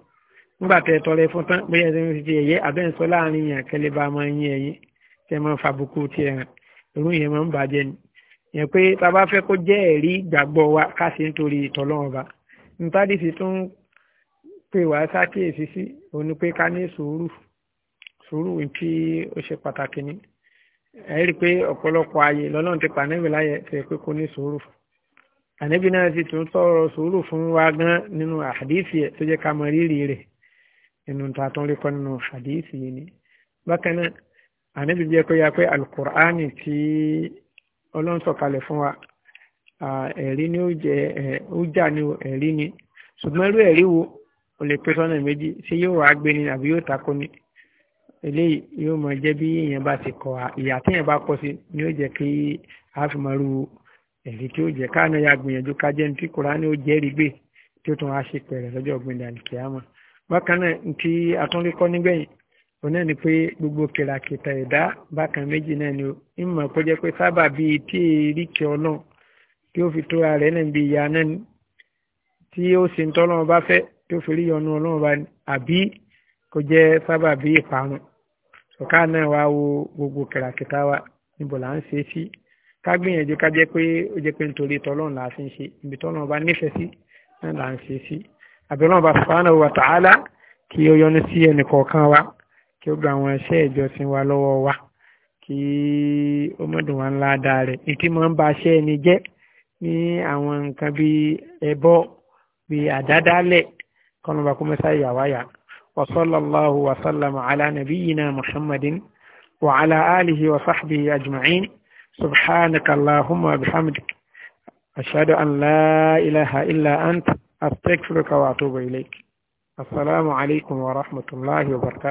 nígbà tẹ́ tọrẹ fún tán bóyá ẹ ti ti ẹ̀yẹ abẹ́ ń láàrin yàn kẹ́lẹ́ bá máa yín ẹ̀yìn kẹ́ ẹ máa fàbùkù tiẹ̀ hàn irú yẹn máa ń bàjẹ́ ni yẹn pé tá a kó jẹ́ ẹ̀rí ìgbàgbọ́ wa ká sì ń torí ìtọ́lọ́run ọba ntádìsí tún pé wàá sákèésí sí òun ni pé ká ní sùúrù sùúrù tí ó ṣe pàtàkì ni. ẹ rí pé ọ̀pọ̀lọpọ̀ ààyè lọ́nà ti pa ànábì láyè tó yẹ pé kó ní náà ti tún sọ̀rọ̀ fún wa gan nínú àdìsí ẹ̀ tó jẹ́ ká mọ rírì rẹ̀ nínú ta tó ń rí kọ́ nínú àdìsí yìí ni. bákan náà jẹ́ kó pé alukur'ani tí ni ó ó jà ní ẹ̀rí ni ṣùgbọ́n irú ẹ̀rí wo pẹ́ sọ́nà méjì ṣé yóò wá eléyìí yóò mọ jẹ́ bí èèyàn bá ti kọ ìyà tí èèyàn bá kọ sí ni ó jẹ́ kí àfimọ́rú ẹ̀rí tí ó jẹ́ káàánú ya gbìyànjú ká jẹ́ tí Kùránì ó jẹ́rìí gbé tí ó tún wá ṣe pẹ̀rẹ̀ lọ́jọ́ gbìndà nìkìyàmà bákan náà tí atúnlẹ́kọ́ nígbẹ̀yìn òun náà ni pé gbogbo kìràkìtà ẹ̀dá bákan méjì náà ni ó ń mọ̀ kó jẹ́ pé sábà bíi tí èrí kí ọlọ́run tí ó bí ìparun ọ̀ká náà wá wo gbogbo kẹ̀ràkẹ̀tà wa níbo là ń ṣe é sí ká gbìyànjú ká jẹ́ pé ó jẹ́ pé nítorí tọ́lọ́run là á fi ń ṣe ibi tọ́lọ́run bá nífẹ̀ẹ́ sí náà là ń ṣe é sí àbẹ̀lọ́run bá subhanahu wa ta'ala kí ó yọ́nú sí ẹnì kọ̀ọ̀kan wa kí ó gba àwọn iṣẹ́ ìjọsìn wa lọ́wọ́ wa kí ó mọ̀dùn wa ńlá dáa rẹ̀ ìtí máa ń ba iṣẹ́ ẹni jẹ́ ní àwọn nǹkan bíi ẹbọ bíi àdádálẹ̀ kọ́nà bá kó mẹ́sà ìyàwó àyà وصلى الله وسلم على نبينا محمد وعلى آله وصحبه أجمعين سبحانك اللهم وبحمدك أشهد أن لا إله إلا أنت أستغفرك وأتوب إليك السلام عليكم ورحمة الله وبركاته